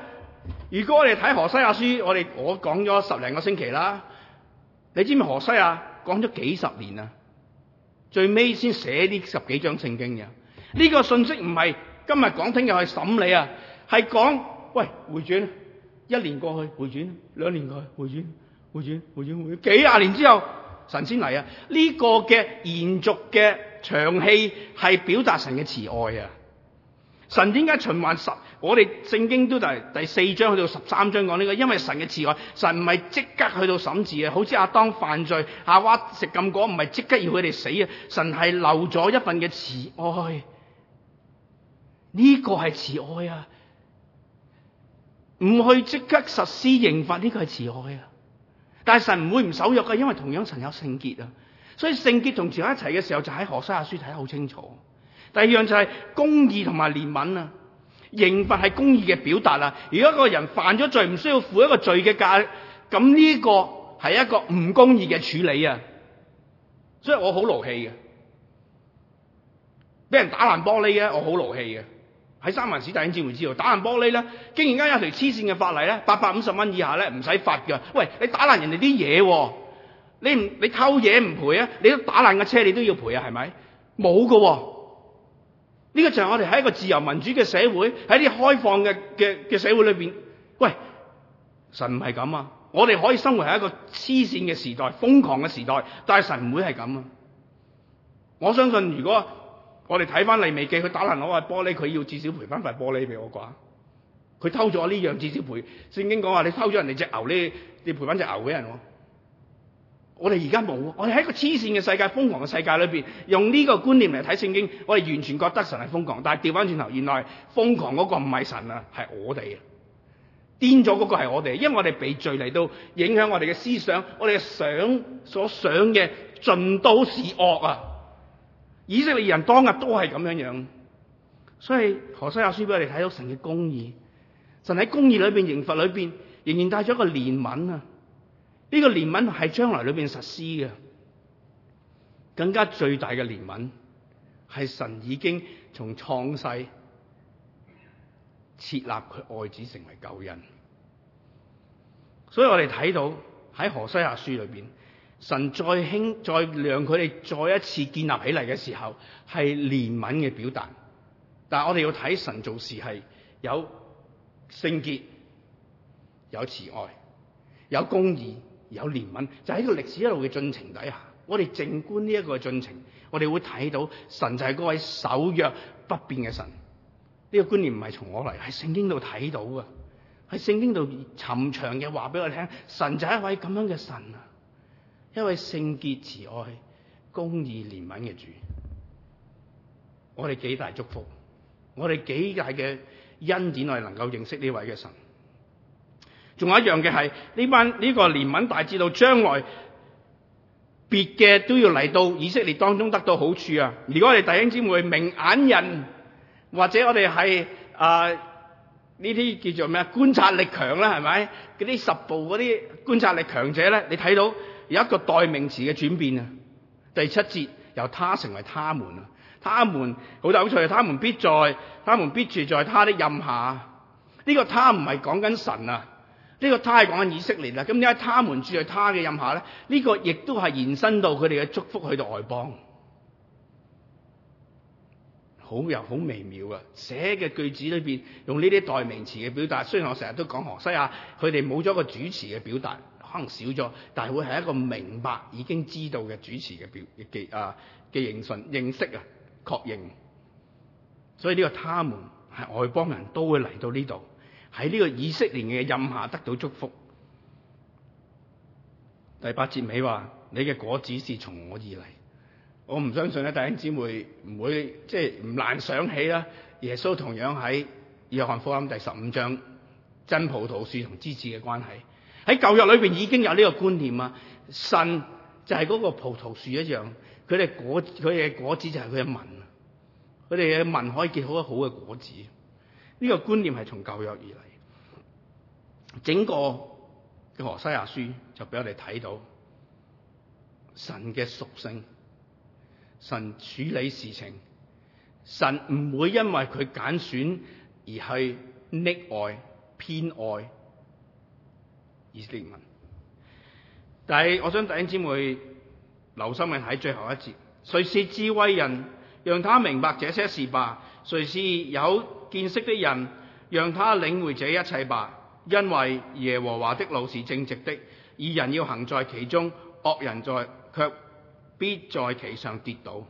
如果我哋睇何西阿書，我哋我講咗十零個星期啦。你知唔知何西阿講咗幾十年啊？最尾先寫呢十幾章聖經嘅。呢個信息唔係今日講，聽日去審理啊。係講喂，回轉，一年過去回轉，兩年過去回轉，回轉回轉，回轉，回轉回轉，幾廿年之後神先嚟啊！呢個嘅延續嘅長氣係表達神嘅慈愛啊！神點解循環十？我哋聖經都係第四章去到十三章講呢個，因為神嘅慈愛，神唔係即刻去到審判嘅，好似亞當犯罪，夏娃食禁果唔係即刻要佢哋死啊，神係留咗一份嘅慈愛，呢個係慈愛啊，唔去即刻實施刑罰，呢個係慈愛啊，但係神唔會唔守約嘅，因為同樣神有聖潔啊，所以聖潔同慈愛一齊嘅時候，就喺何西阿書睇得好清楚。第二樣就係公義同埋憐憫啊。刑罰係公義嘅表達啦。如果一個人犯咗罪，唔需要付一個罪嘅價，咁呢個係一個唔公義嘅處理啊！所以我好勞氣嘅，俾人打爛玻璃啊！我好勞氣嘅。喺三環市大英志會知道打爛玻璃咧，竟然間有條黐線嘅法例咧，八百五十蚊以下咧唔使罰㗎。喂，你打爛人哋啲嘢，你唔你偷嘢唔賠啊？你打爛個車你都要賠啊？係咪？冇噶、啊。呢個就係我哋喺一個自由民主嘅社會，喺啲開放嘅嘅嘅社會裏邊，喂，神唔係咁啊！我哋可以生活喺一個黐線嘅時代、瘋狂嘅時代，但係神唔會係咁啊！我相信，如果我哋睇翻利未記，佢打爛我塊玻璃，佢要至少賠翻塊玻璃俾我啩？佢偷咗我呢樣，至少賠。聖經講話你偷咗人哋隻牛呢，你賠翻隻牛俾人。我哋而家冇，我哋喺一個黐線嘅世界、瘋狂嘅世界裏邊，用呢個觀念嚟睇聖經，我哋完全覺得神係瘋狂，但係調翻轉頭，原來瘋狂嗰個唔係神啊，係我哋啊。癲咗嗰個係我哋，因為我哋被罪嚟到影響我哋嘅思想，我哋嘅想所想嘅盡都是惡啊！以色列人當日都係咁樣樣，所以何西阿書俾我哋睇到神嘅公義，神喺公義裏邊、刑罰裏邊，仍然帶咗一個憐憫啊！呢個憐憫係將來裏邊實施嘅，更加最大嘅憐憫係神已經從創世設立佢愛子成為救人。所以我哋睇到喺何西阿書裏邊，神再興再讓佢哋再一次建立起嚟嘅時候係憐憫嘅表達，但係我哋要睇神做事係有聖潔、有慈愛、有公義。有憐憫，就喺個歷史一路嘅進程底下，我哋靜觀呢一個嘅進程，我哋會睇到神就係嗰位守約不變嘅神。呢個觀念唔係從我嚟，係聖經度睇到啊。喺聖經度沉長嘅話俾我聽，神就係一位咁樣嘅神啊，一位聖潔慈愛、公義憐憫嘅主。我哋幾大祝福，我哋幾大嘅恩典，我哋能夠認識呢位嘅神。仲有一樣嘅係呢班呢、這個聯盟，大至到將來別嘅都要嚟到以色列當中得到好處啊！如果我哋弟兄姊妹明眼人，或者我哋係啊呢啲叫做咩啊觀察力強啦、啊，係咪嗰啲十部嗰啲觀察力強者咧？你睇到有一個代名詞嘅轉變啊！第七節由他成為他們啊，他們好有趣啊！他們必在，他們必住在他的蔭下。呢、這個他唔係講緊神啊。呢個他係講緊以色列啦，咁點解他們住喺他嘅任下咧？呢、這個亦都係延伸到佢哋嘅祝福去到外邦，好有好微妙啊！寫嘅句子裏邊用呢啲代名詞嘅表達，雖然我成日都講何西阿，佢哋冇咗個主持嘅表達，可能少咗，但係會係一個明白已經知道嘅主持嘅表嘅啊嘅認信、認識啊、確認。所以呢個他們係外邦人都會嚟到呢度。喺呢個以色列嘅蔭下得到祝福。第八節尾話：你嘅果子是從我而嚟。我唔相信咧，弟兄姊妹唔會即係唔難想起啦。耶穌同樣喺《約翰福音》第十五章，真葡萄樹同枝子嘅關係喺舊約裏邊已經有呢個觀念啊。神就係嗰個葡萄樹一樣，佢哋果佢哋嘅果子就係佢嘅文，佢哋嘅文可以結好多好嘅果子。呢個觀念係從舊約而嚟，整個嘅何西阿書就俾我哋睇到神嘅屬性，神處理事情，神唔會因為佢揀選而去溺愛偏愛以色列文。但係我想弟兄姊妹留心嘅係最後一節，誰是智慧人，讓他明白這些事吧？誰是有見識的人，讓他領會這一切吧，因為耶和華的路是正直的，以人要行在其中，惡人在卻必在其上跌倒。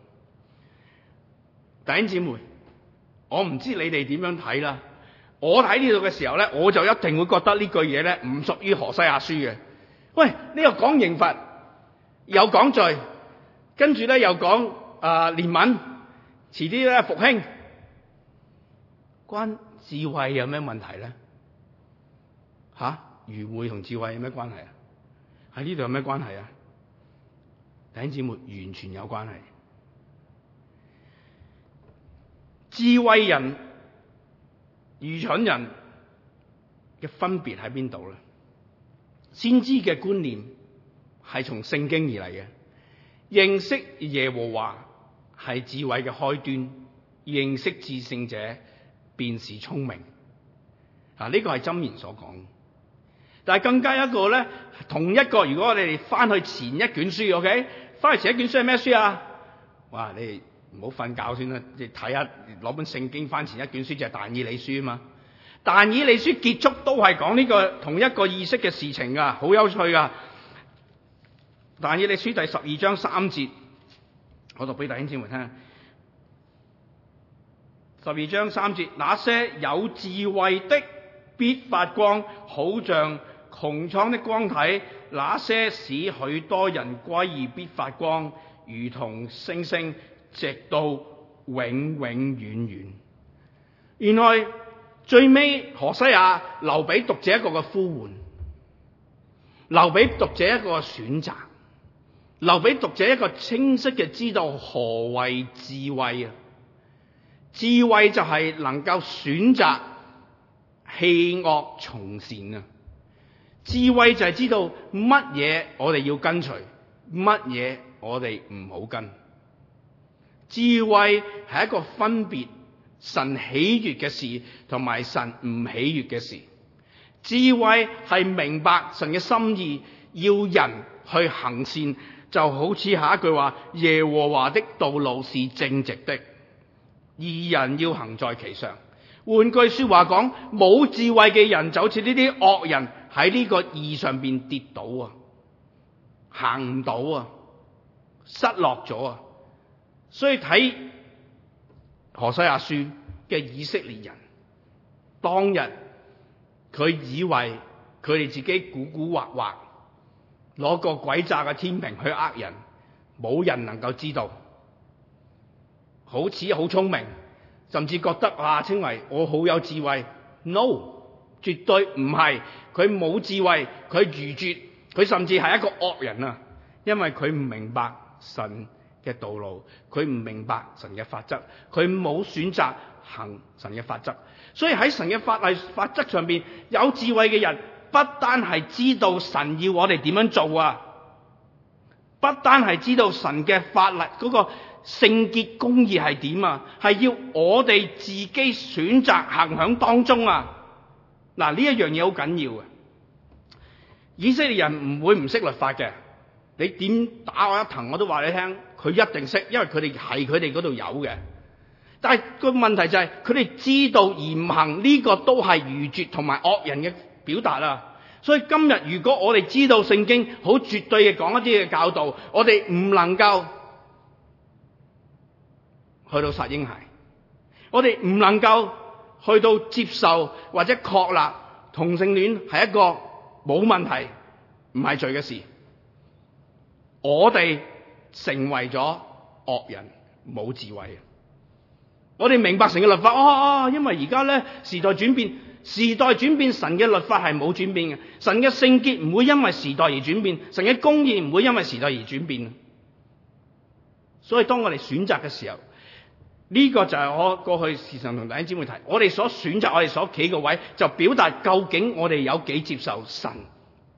弟兄姊妹，我唔知你哋點樣睇啦。我睇呢度嘅時候咧，我就一定會覺得呢句嘢咧唔屬於何西阿書嘅。喂，呢、呢個講刑罰，有講罪，跟住咧又講啊、呃、憐憫，遲啲咧復興。關智慧有咩問題咧？吓、啊，愚昧同智慧有咩關係啊？喺呢度有咩關係啊？弟兄姊、姊妹，完全有關係。智慧人、愚蠢人嘅分別喺邊度咧？先知嘅觀念係從聖經而嚟嘅，認識耶和華係智慧嘅開端，認識至聖者。便是聰明，啊呢、這個係箴言所講。但係更加一個咧，同一個如果我哋翻去前一卷書，OK？翻去前一卷書係咩書啊？哇！你唔好瞓覺先啦，啊，你睇下攞本聖經翻前一卷書就係、是、但以理書啊嘛。但以理書結束都係講呢個同一個意識嘅事情噶，好有趣噶。但以理書第十二章三節，我就俾弟兄姊妹聽。十二章三節，那些有智慧的必發光，好像穹蒼的光體；那些使許多人歸而必發光，如同星星，直到永永遠遠。原來最尾何西阿留俾讀者一個嘅呼喚，留俾讀者一個選擇，留俾讀者一個清晰嘅知道何為智慧啊！智慧就係能夠選擇棄惡從善啊！智慧就係知道乜嘢我哋要跟隨，乜嘢我哋唔好跟。智慧係一個分別神喜悦嘅事，同埋神唔喜悦嘅事。智慧係明白神嘅心意，要人去行善，就好似下一句話：耶和華的道路是正直的。二人要行在其上，換句說話講，冇智慧嘅人就好似呢啲惡人喺呢個義上邊跌倒啊，行唔到啊，失落咗啊，所以睇何西阿書嘅以色列人當日，佢以為佢哋自己古古惑惑，攞個鬼詐嘅天平去呃人，冇人能夠知道。好似好聰明，甚至覺得啊，稱為我好有智慧。No，絕對唔係，佢冇智慧，佢愚拙，佢甚至係一個惡人啊！因為佢唔明白神嘅道路，佢唔明白神嘅法則，佢冇選擇行神嘅法則。所以喺神嘅法例、法則上邊，有智慧嘅人不單係知道神要我哋點樣做啊，不單係知道神嘅法律嗰個。聖潔公義係點啊？係要我哋自己選擇行響當中啊！嗱，呢一樣嘢好緊要嘅。以色列人唔會唔識律法嘅，你點打我一藤我都話你聽，佢一定識，因為佢哋係佢哋嗰度有嘅。但係個問題就係、是，佢哋知道而唔行呢，這個都係愚拙同埋惡人嘅表達啦。所以今日如果我哋知道聖經好絕對嘅講一啲嘅教導，我哋唔能夠。去到殺嬰孩，我哋唔能夠去到接受或者確立同性戀係一個冇問題唔係罪嘅事，我哋成為咗惡人，冇智慧。我哋明白神嘅律法，哦哦，因為而家咧時代轉變，時代轉變，神嘅律法係冇轉變嘅，神嘅聖潔唔會因為時代而轉變，神嘅公義唔會因為時代而轉變。所以當我哋選擇嘅時候，呢個就係我過去時常同弟兄姊妹提，我哋所選擇我哋所企嘅位，就表達究竟我哋有幾接受神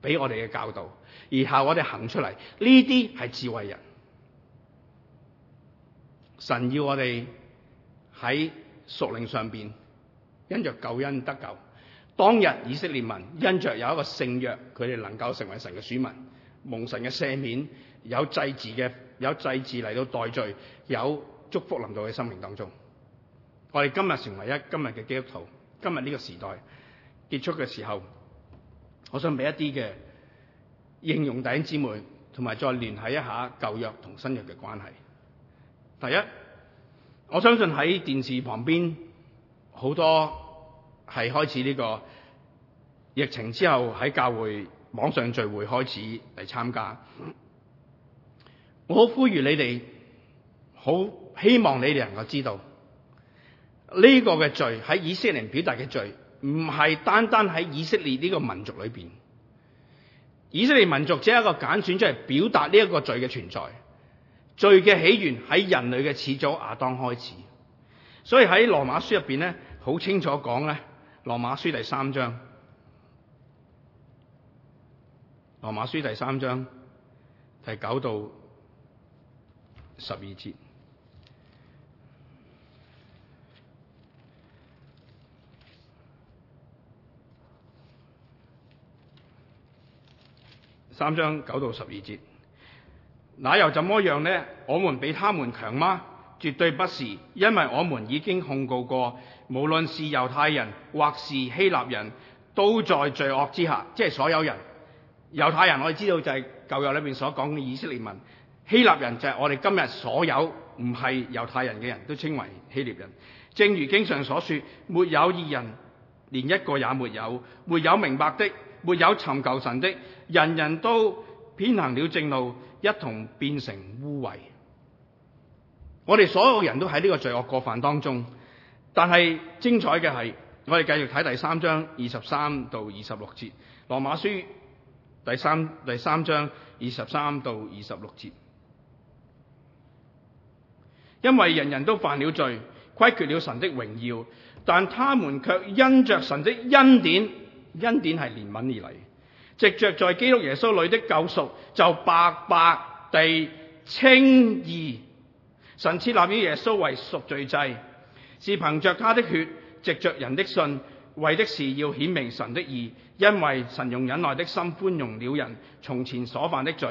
俾我哋嘅教導，而後我哋行出嚟，呢啲係智慧人。神要我哋喺屬靈上邊因着救恩得救，當日以色列民因着有一個聖約，佢哋能夠成為神嘅選民，蒙神嘅赦免，有祭祀嘅有祭祀嚟到代罪，有。祝福臨到嘅生命當中，我哋今日成為一今日嘅基督徒，今日呢個時代結束嘅時候，我想俾一啲嘅應用弟兄姊妹，同埋再聯繫一下舊約同新約嘅關係。第一，我相信喺電視旁邊好多係開始呢個疫情之後喺教會網上聚會開始嚟參加，我呼好呼籲你哋好。希望你哋能夠知道呢個嘅罪喺以色列人表達嘅罪，唔係單單喺以色列呢個民族裏邊。以色列民族只係一個揀選出嚟表達呢一個罪嘅存在。罪嘅起源喺人類嘅始祖亞當開始。所以喺羅馬書入邊咧，好清楚講咧，羅馬書第三章，羅馬書第三章第九到十二節。三章九到十二節，那又怎麼樣呢？我們比他們強嗎？絕對不是，因為我們已經控告過，無論是猶太人或是希臘人，都在罪惡之下，即係所有人。猶太人我哋知道就係舊約裏面所講嘅以色列民：「希臘人」就係我哋今日所有唔係猶太人嘅人都稱為希臘人。正如經上所說，沒有二人，連一個也沒有，沒有明白的。沒有尋求神的，人人都偏行了正路，一同變成污穢。我哋所有人都喺呢個罪惡過犯當中。但係精彩嘅係，我哋繼續睇第三章二十三到二十六節，《羅馬書》第三第三章二十三到二十六節。因為人人都犯了罪，虧缺了神的榮耀，但他們卻因着神的恩典。恩典係憐憫而嚟，藉着在基督耶穌裏的救贖，就白白地稱義。神設立於耶穌為贖罪祭，是憑着他的血，藉着人的信，為的是要顯明神的義，因為神用忍耐的心寬容了人從前所犯的罪。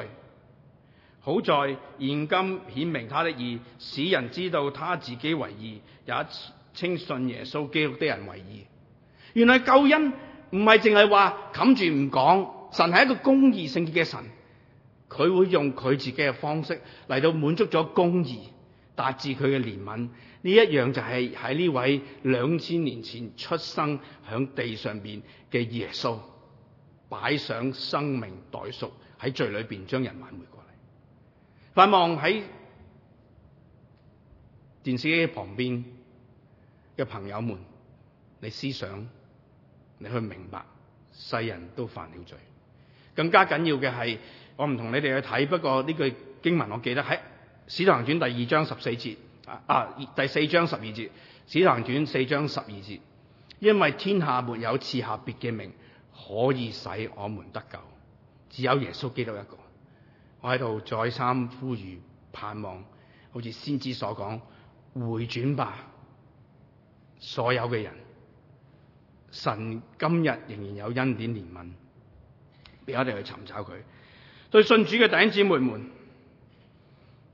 好在現今顯明他的義，使人知道他自己為義，也稱信耶穌基督的人為義。原來救恩。唔係淨係話冚住唔講，神係一個公義性嘅神，佢會用佢自己嘅方式嚟到滿足咗公義，達至佢嘅憐憫。呢一樣就係喺呢位兩千年前出生響地上邊嘅耶穌，擺上生命代贖喺罪裏邊將人挽回過嚟。盼望喺電視機旁邊嘅朋友們你思想。你去明白，世人都犯了罪。更加緊要嘅係我唔同你哋去睇。不過呢句經文，我記得喺《史徒行傳》第二章十四節啊，啊，第四章十二節，史徒行傳》四章十二節，因為天下沒有次合別嘅名可以使我們得救，只有耶穌基督一個，我喺度再三呼籲盼望，好似先知所講，回轉吧，所有嘅人。神今日仍然有恩典憐憫，俾我哋去尋找佢。對信主嘅弟兄姊妹們，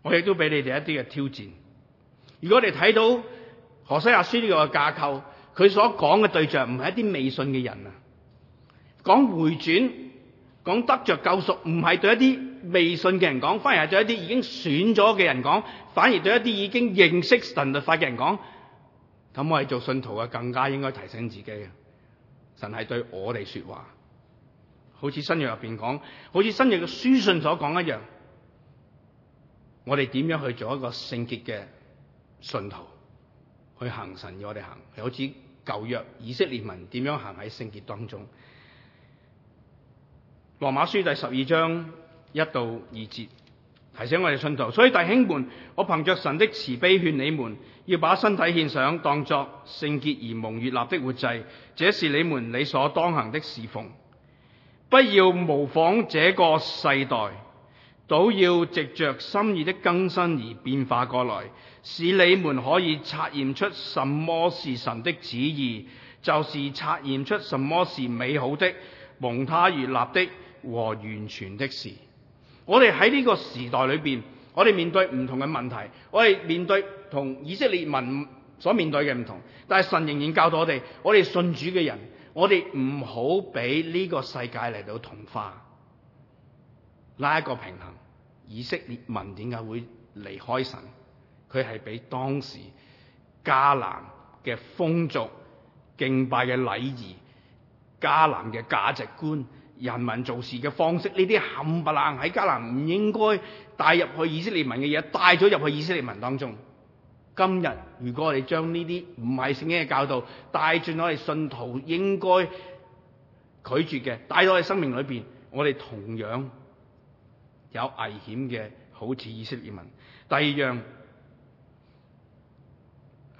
我亦都俾你哋一啲嘅挑戰。如果你睇到何西阿書呢個架構，佢所講嘅對象唔係一啲未信嘅人啊，講回轉、講得着救贖，唔係對一啲未信嘅人講，反而係對一啲已經選咗嘅人講，反而對一啲已經認識神律法嘅人講。咁我哋做信徒啊，更加應該提醒自己啊。神係對我哋說話，好似新約入邊講，好似新約嘅書信所講一樣，我哋點樣去做一個聖潔嘅信徒，去行神要我哋行，係好似舊約以色列民點樣行喺聖潔當中，《羅馬書》第十二章一到二節。提醒我哋信徒，所以弟兄們，我憑着神的慈悲勸你們，要把身體獻上，當作聖潔而蒙悅納的活祭，這是你們理所當行的侍奉。不要模仿這個世代，倒要藉着心意的更新而變化過來，使你們可以察驗出什麼是神的旨意，就是察驗出什麼是美好的、蒙他悅納的和完全的事。我哋喺呢個時代裏邊，我哋面對唔同嘅問題，我哋面對同以色列民所面對嘅唔同，但係神仍然教導我哋，我哋信主嘅人，我哋唔好俾呢個世界嚟到同化，拉一個平衡。以色列民點解會離開神？佢係俾當時迦南嘅風俗、敬拜嘅禮儀、迦南嘅價值觀。人民做事嘅方式，呢啲冚唪唥喺加拿大唔應該帶入去以色列民嘅嘢，帶咗入去以色列民當中。今日如果我哋將呢啲唔係聖經嘅教導帶進我哋信徒應該拒絕嘅，帶到我哋生命裏邊，我哋同樣有危險嘅，好似以色列民。第二樣。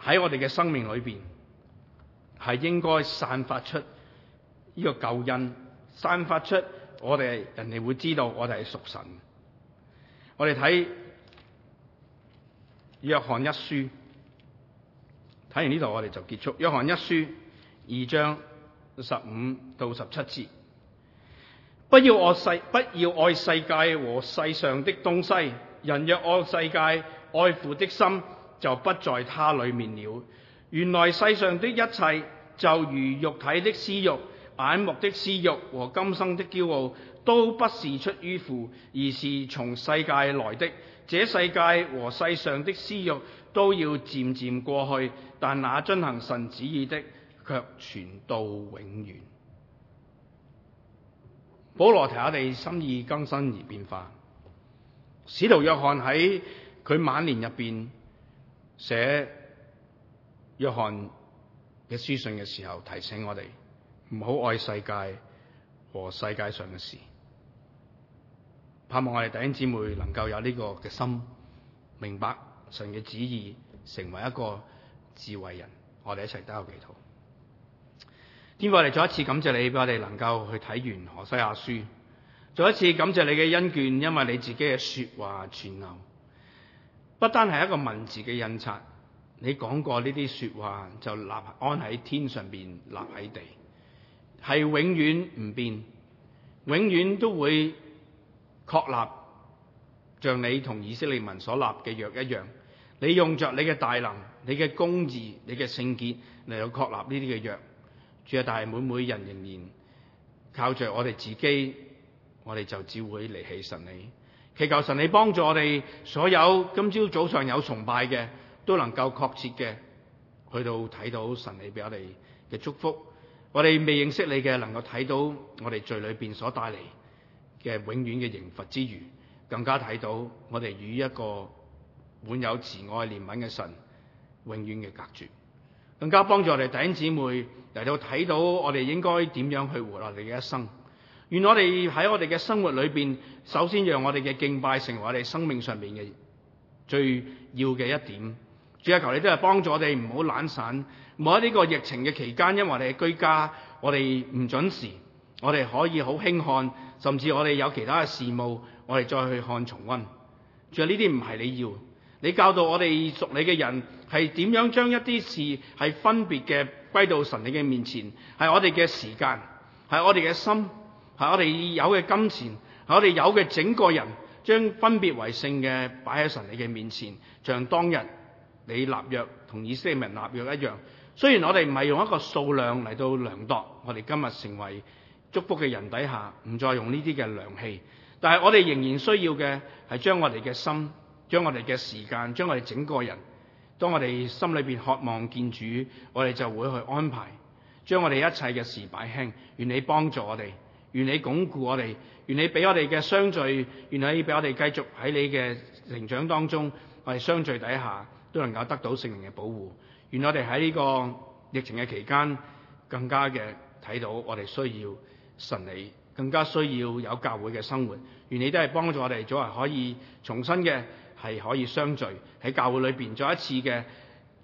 喺我哋嘅生命裏邊，係應該散發出呢個救恩。散發出，我哋人哋會知道我哋係屬神。我哋睇約翰一書，睇完呢度我哋就結束。約翰一書二章十五到十七節，不要愛世，不要愛世界和世上的東西。人若愛世界，愛父的心就不在他裏面了。原來世上的一切，就如肉體的私欲。眼目的私欲和今生的驕傲都不是出於父，而是從世界來的。這世界和世上的私欲都要漸漸過去，但那遵行神旨意的卻存到永遠。保羅提我哋心意更新而變化。使徒約翰喺佢晚年入邊寫約翰嘅書信嘅時候，提醒我哋。唔好愛世界和世界上嘅事，盼望我哋弟兄姊妹能夠有呢個嘅心，明白神嘅旨意，成為一個智慧人。我哋一齊打個祈禱。天父，我哋再一次，感謝你俾我哋能夠去睇完何西阿書，再一次感謝你嘅恩眷，因為你自己嘅說話全流，不單係一個文字嘅印刷，你講過呢啲說話就立安喺天上面，立喺地。係永遠唔變，永遠都會確立，像你同以色列民所立嘅約一樣。你用着你嘅大能、你嘅公義、你嘅聖潔嚟到確立呢啲嘅約。主要但係每每人仍然靠著我哋自己，我哋就只會離棄神你。祈求神你幫助我哋所有今朝早上有崇拜嘅都能夠確切嘅去到睇到神你俾我哋嘅祝福。我哋未認識你嘅，能夠睇到我哋罪裏邊所帶嚟嘅永遠嘅刑罰之餘，更加睇到我哋與一個滿有慈愛憐憫嘅神永遠嘅隔絕，更加幫助我哋弟兄姊妹嚟到睇到我哋應該點樣去活落你嘅一生。願我哋喺我哋嘅生活裏邊，首先讓我哋嘅敬拜成為我哋生命上面嘅最要嘅一點。主啊，求你都係幫助我哋唔好懶散。冇喺呢個疫情嘅期間，因為你哋係居家，我哋唔準時，我哋可以好輕看，甚至我哋有其他嘅事務，我哋再去看重溫。仲有呢啲唔係你要，你教導我哋屬你嘅人係點樣將一啲事係分別嘅歸到神你嘅面前，係我哋嘅時間，係我哋嘅心，係我哋有嘅金錢，係我哋有嘅整個人，將分別為聖嘅擺喺神你嘅面前，像當日你立約同以色列人立約一樣。雖然我哋唔係用一個數量嚟到量度，我哋今日成為祝福嘅人底下，唔再用呢啲嘅量器，但係我哋仍然需要嘅係將我哋嘅心、將我哋嘅時間、將我哋整個人，當我哋心裏面渴望見主，我哋就會去安排，將我哋一切嘅事擺輕，願你幫助我哋，願你鞏固我哋，願你俾我哋嘅相聚，願你俾我哋繼續喺你嘅成長當中，我哋相聚底下都能夠得到聖靈嘅保護。願我哋喺呢個疫情嘅期間，更加嘅睇到我哋需要神你，更加需要有教會嘅生活。願你都係幫助我哋，早日可以重新嘅係可以相聚喺教會裏邊，再一次嘅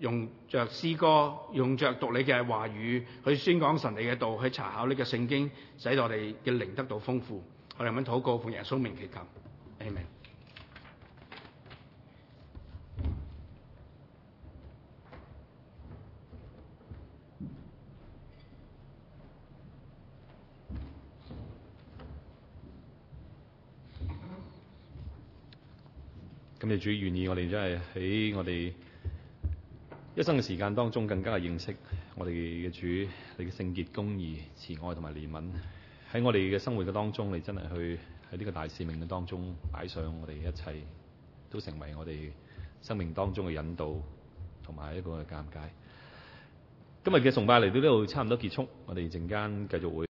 用着詩歌，用着讀你嘅話語去宣講神你嘅道，去查考呢個聖經，使到我哋嘅靈得到豐富。我哋咁禱告，奉耶穌名祈求，阿門。咁、嗯、你主願意，我哋真係喺我哋一生嘅時間當中，更加嘅認識我哋嘅主，你嘅聖潔公義慈愛同埋憐憫，喺我哋嘅生活嘅當中，你真係去喺呢個大使命嘅當中擺上我哋一切，都成為我哋生命當中嘅引導同埋一個嘅鑑戒。今日嘅崇拜嚟到呢度差唔多結束，我哋陣間繼續會。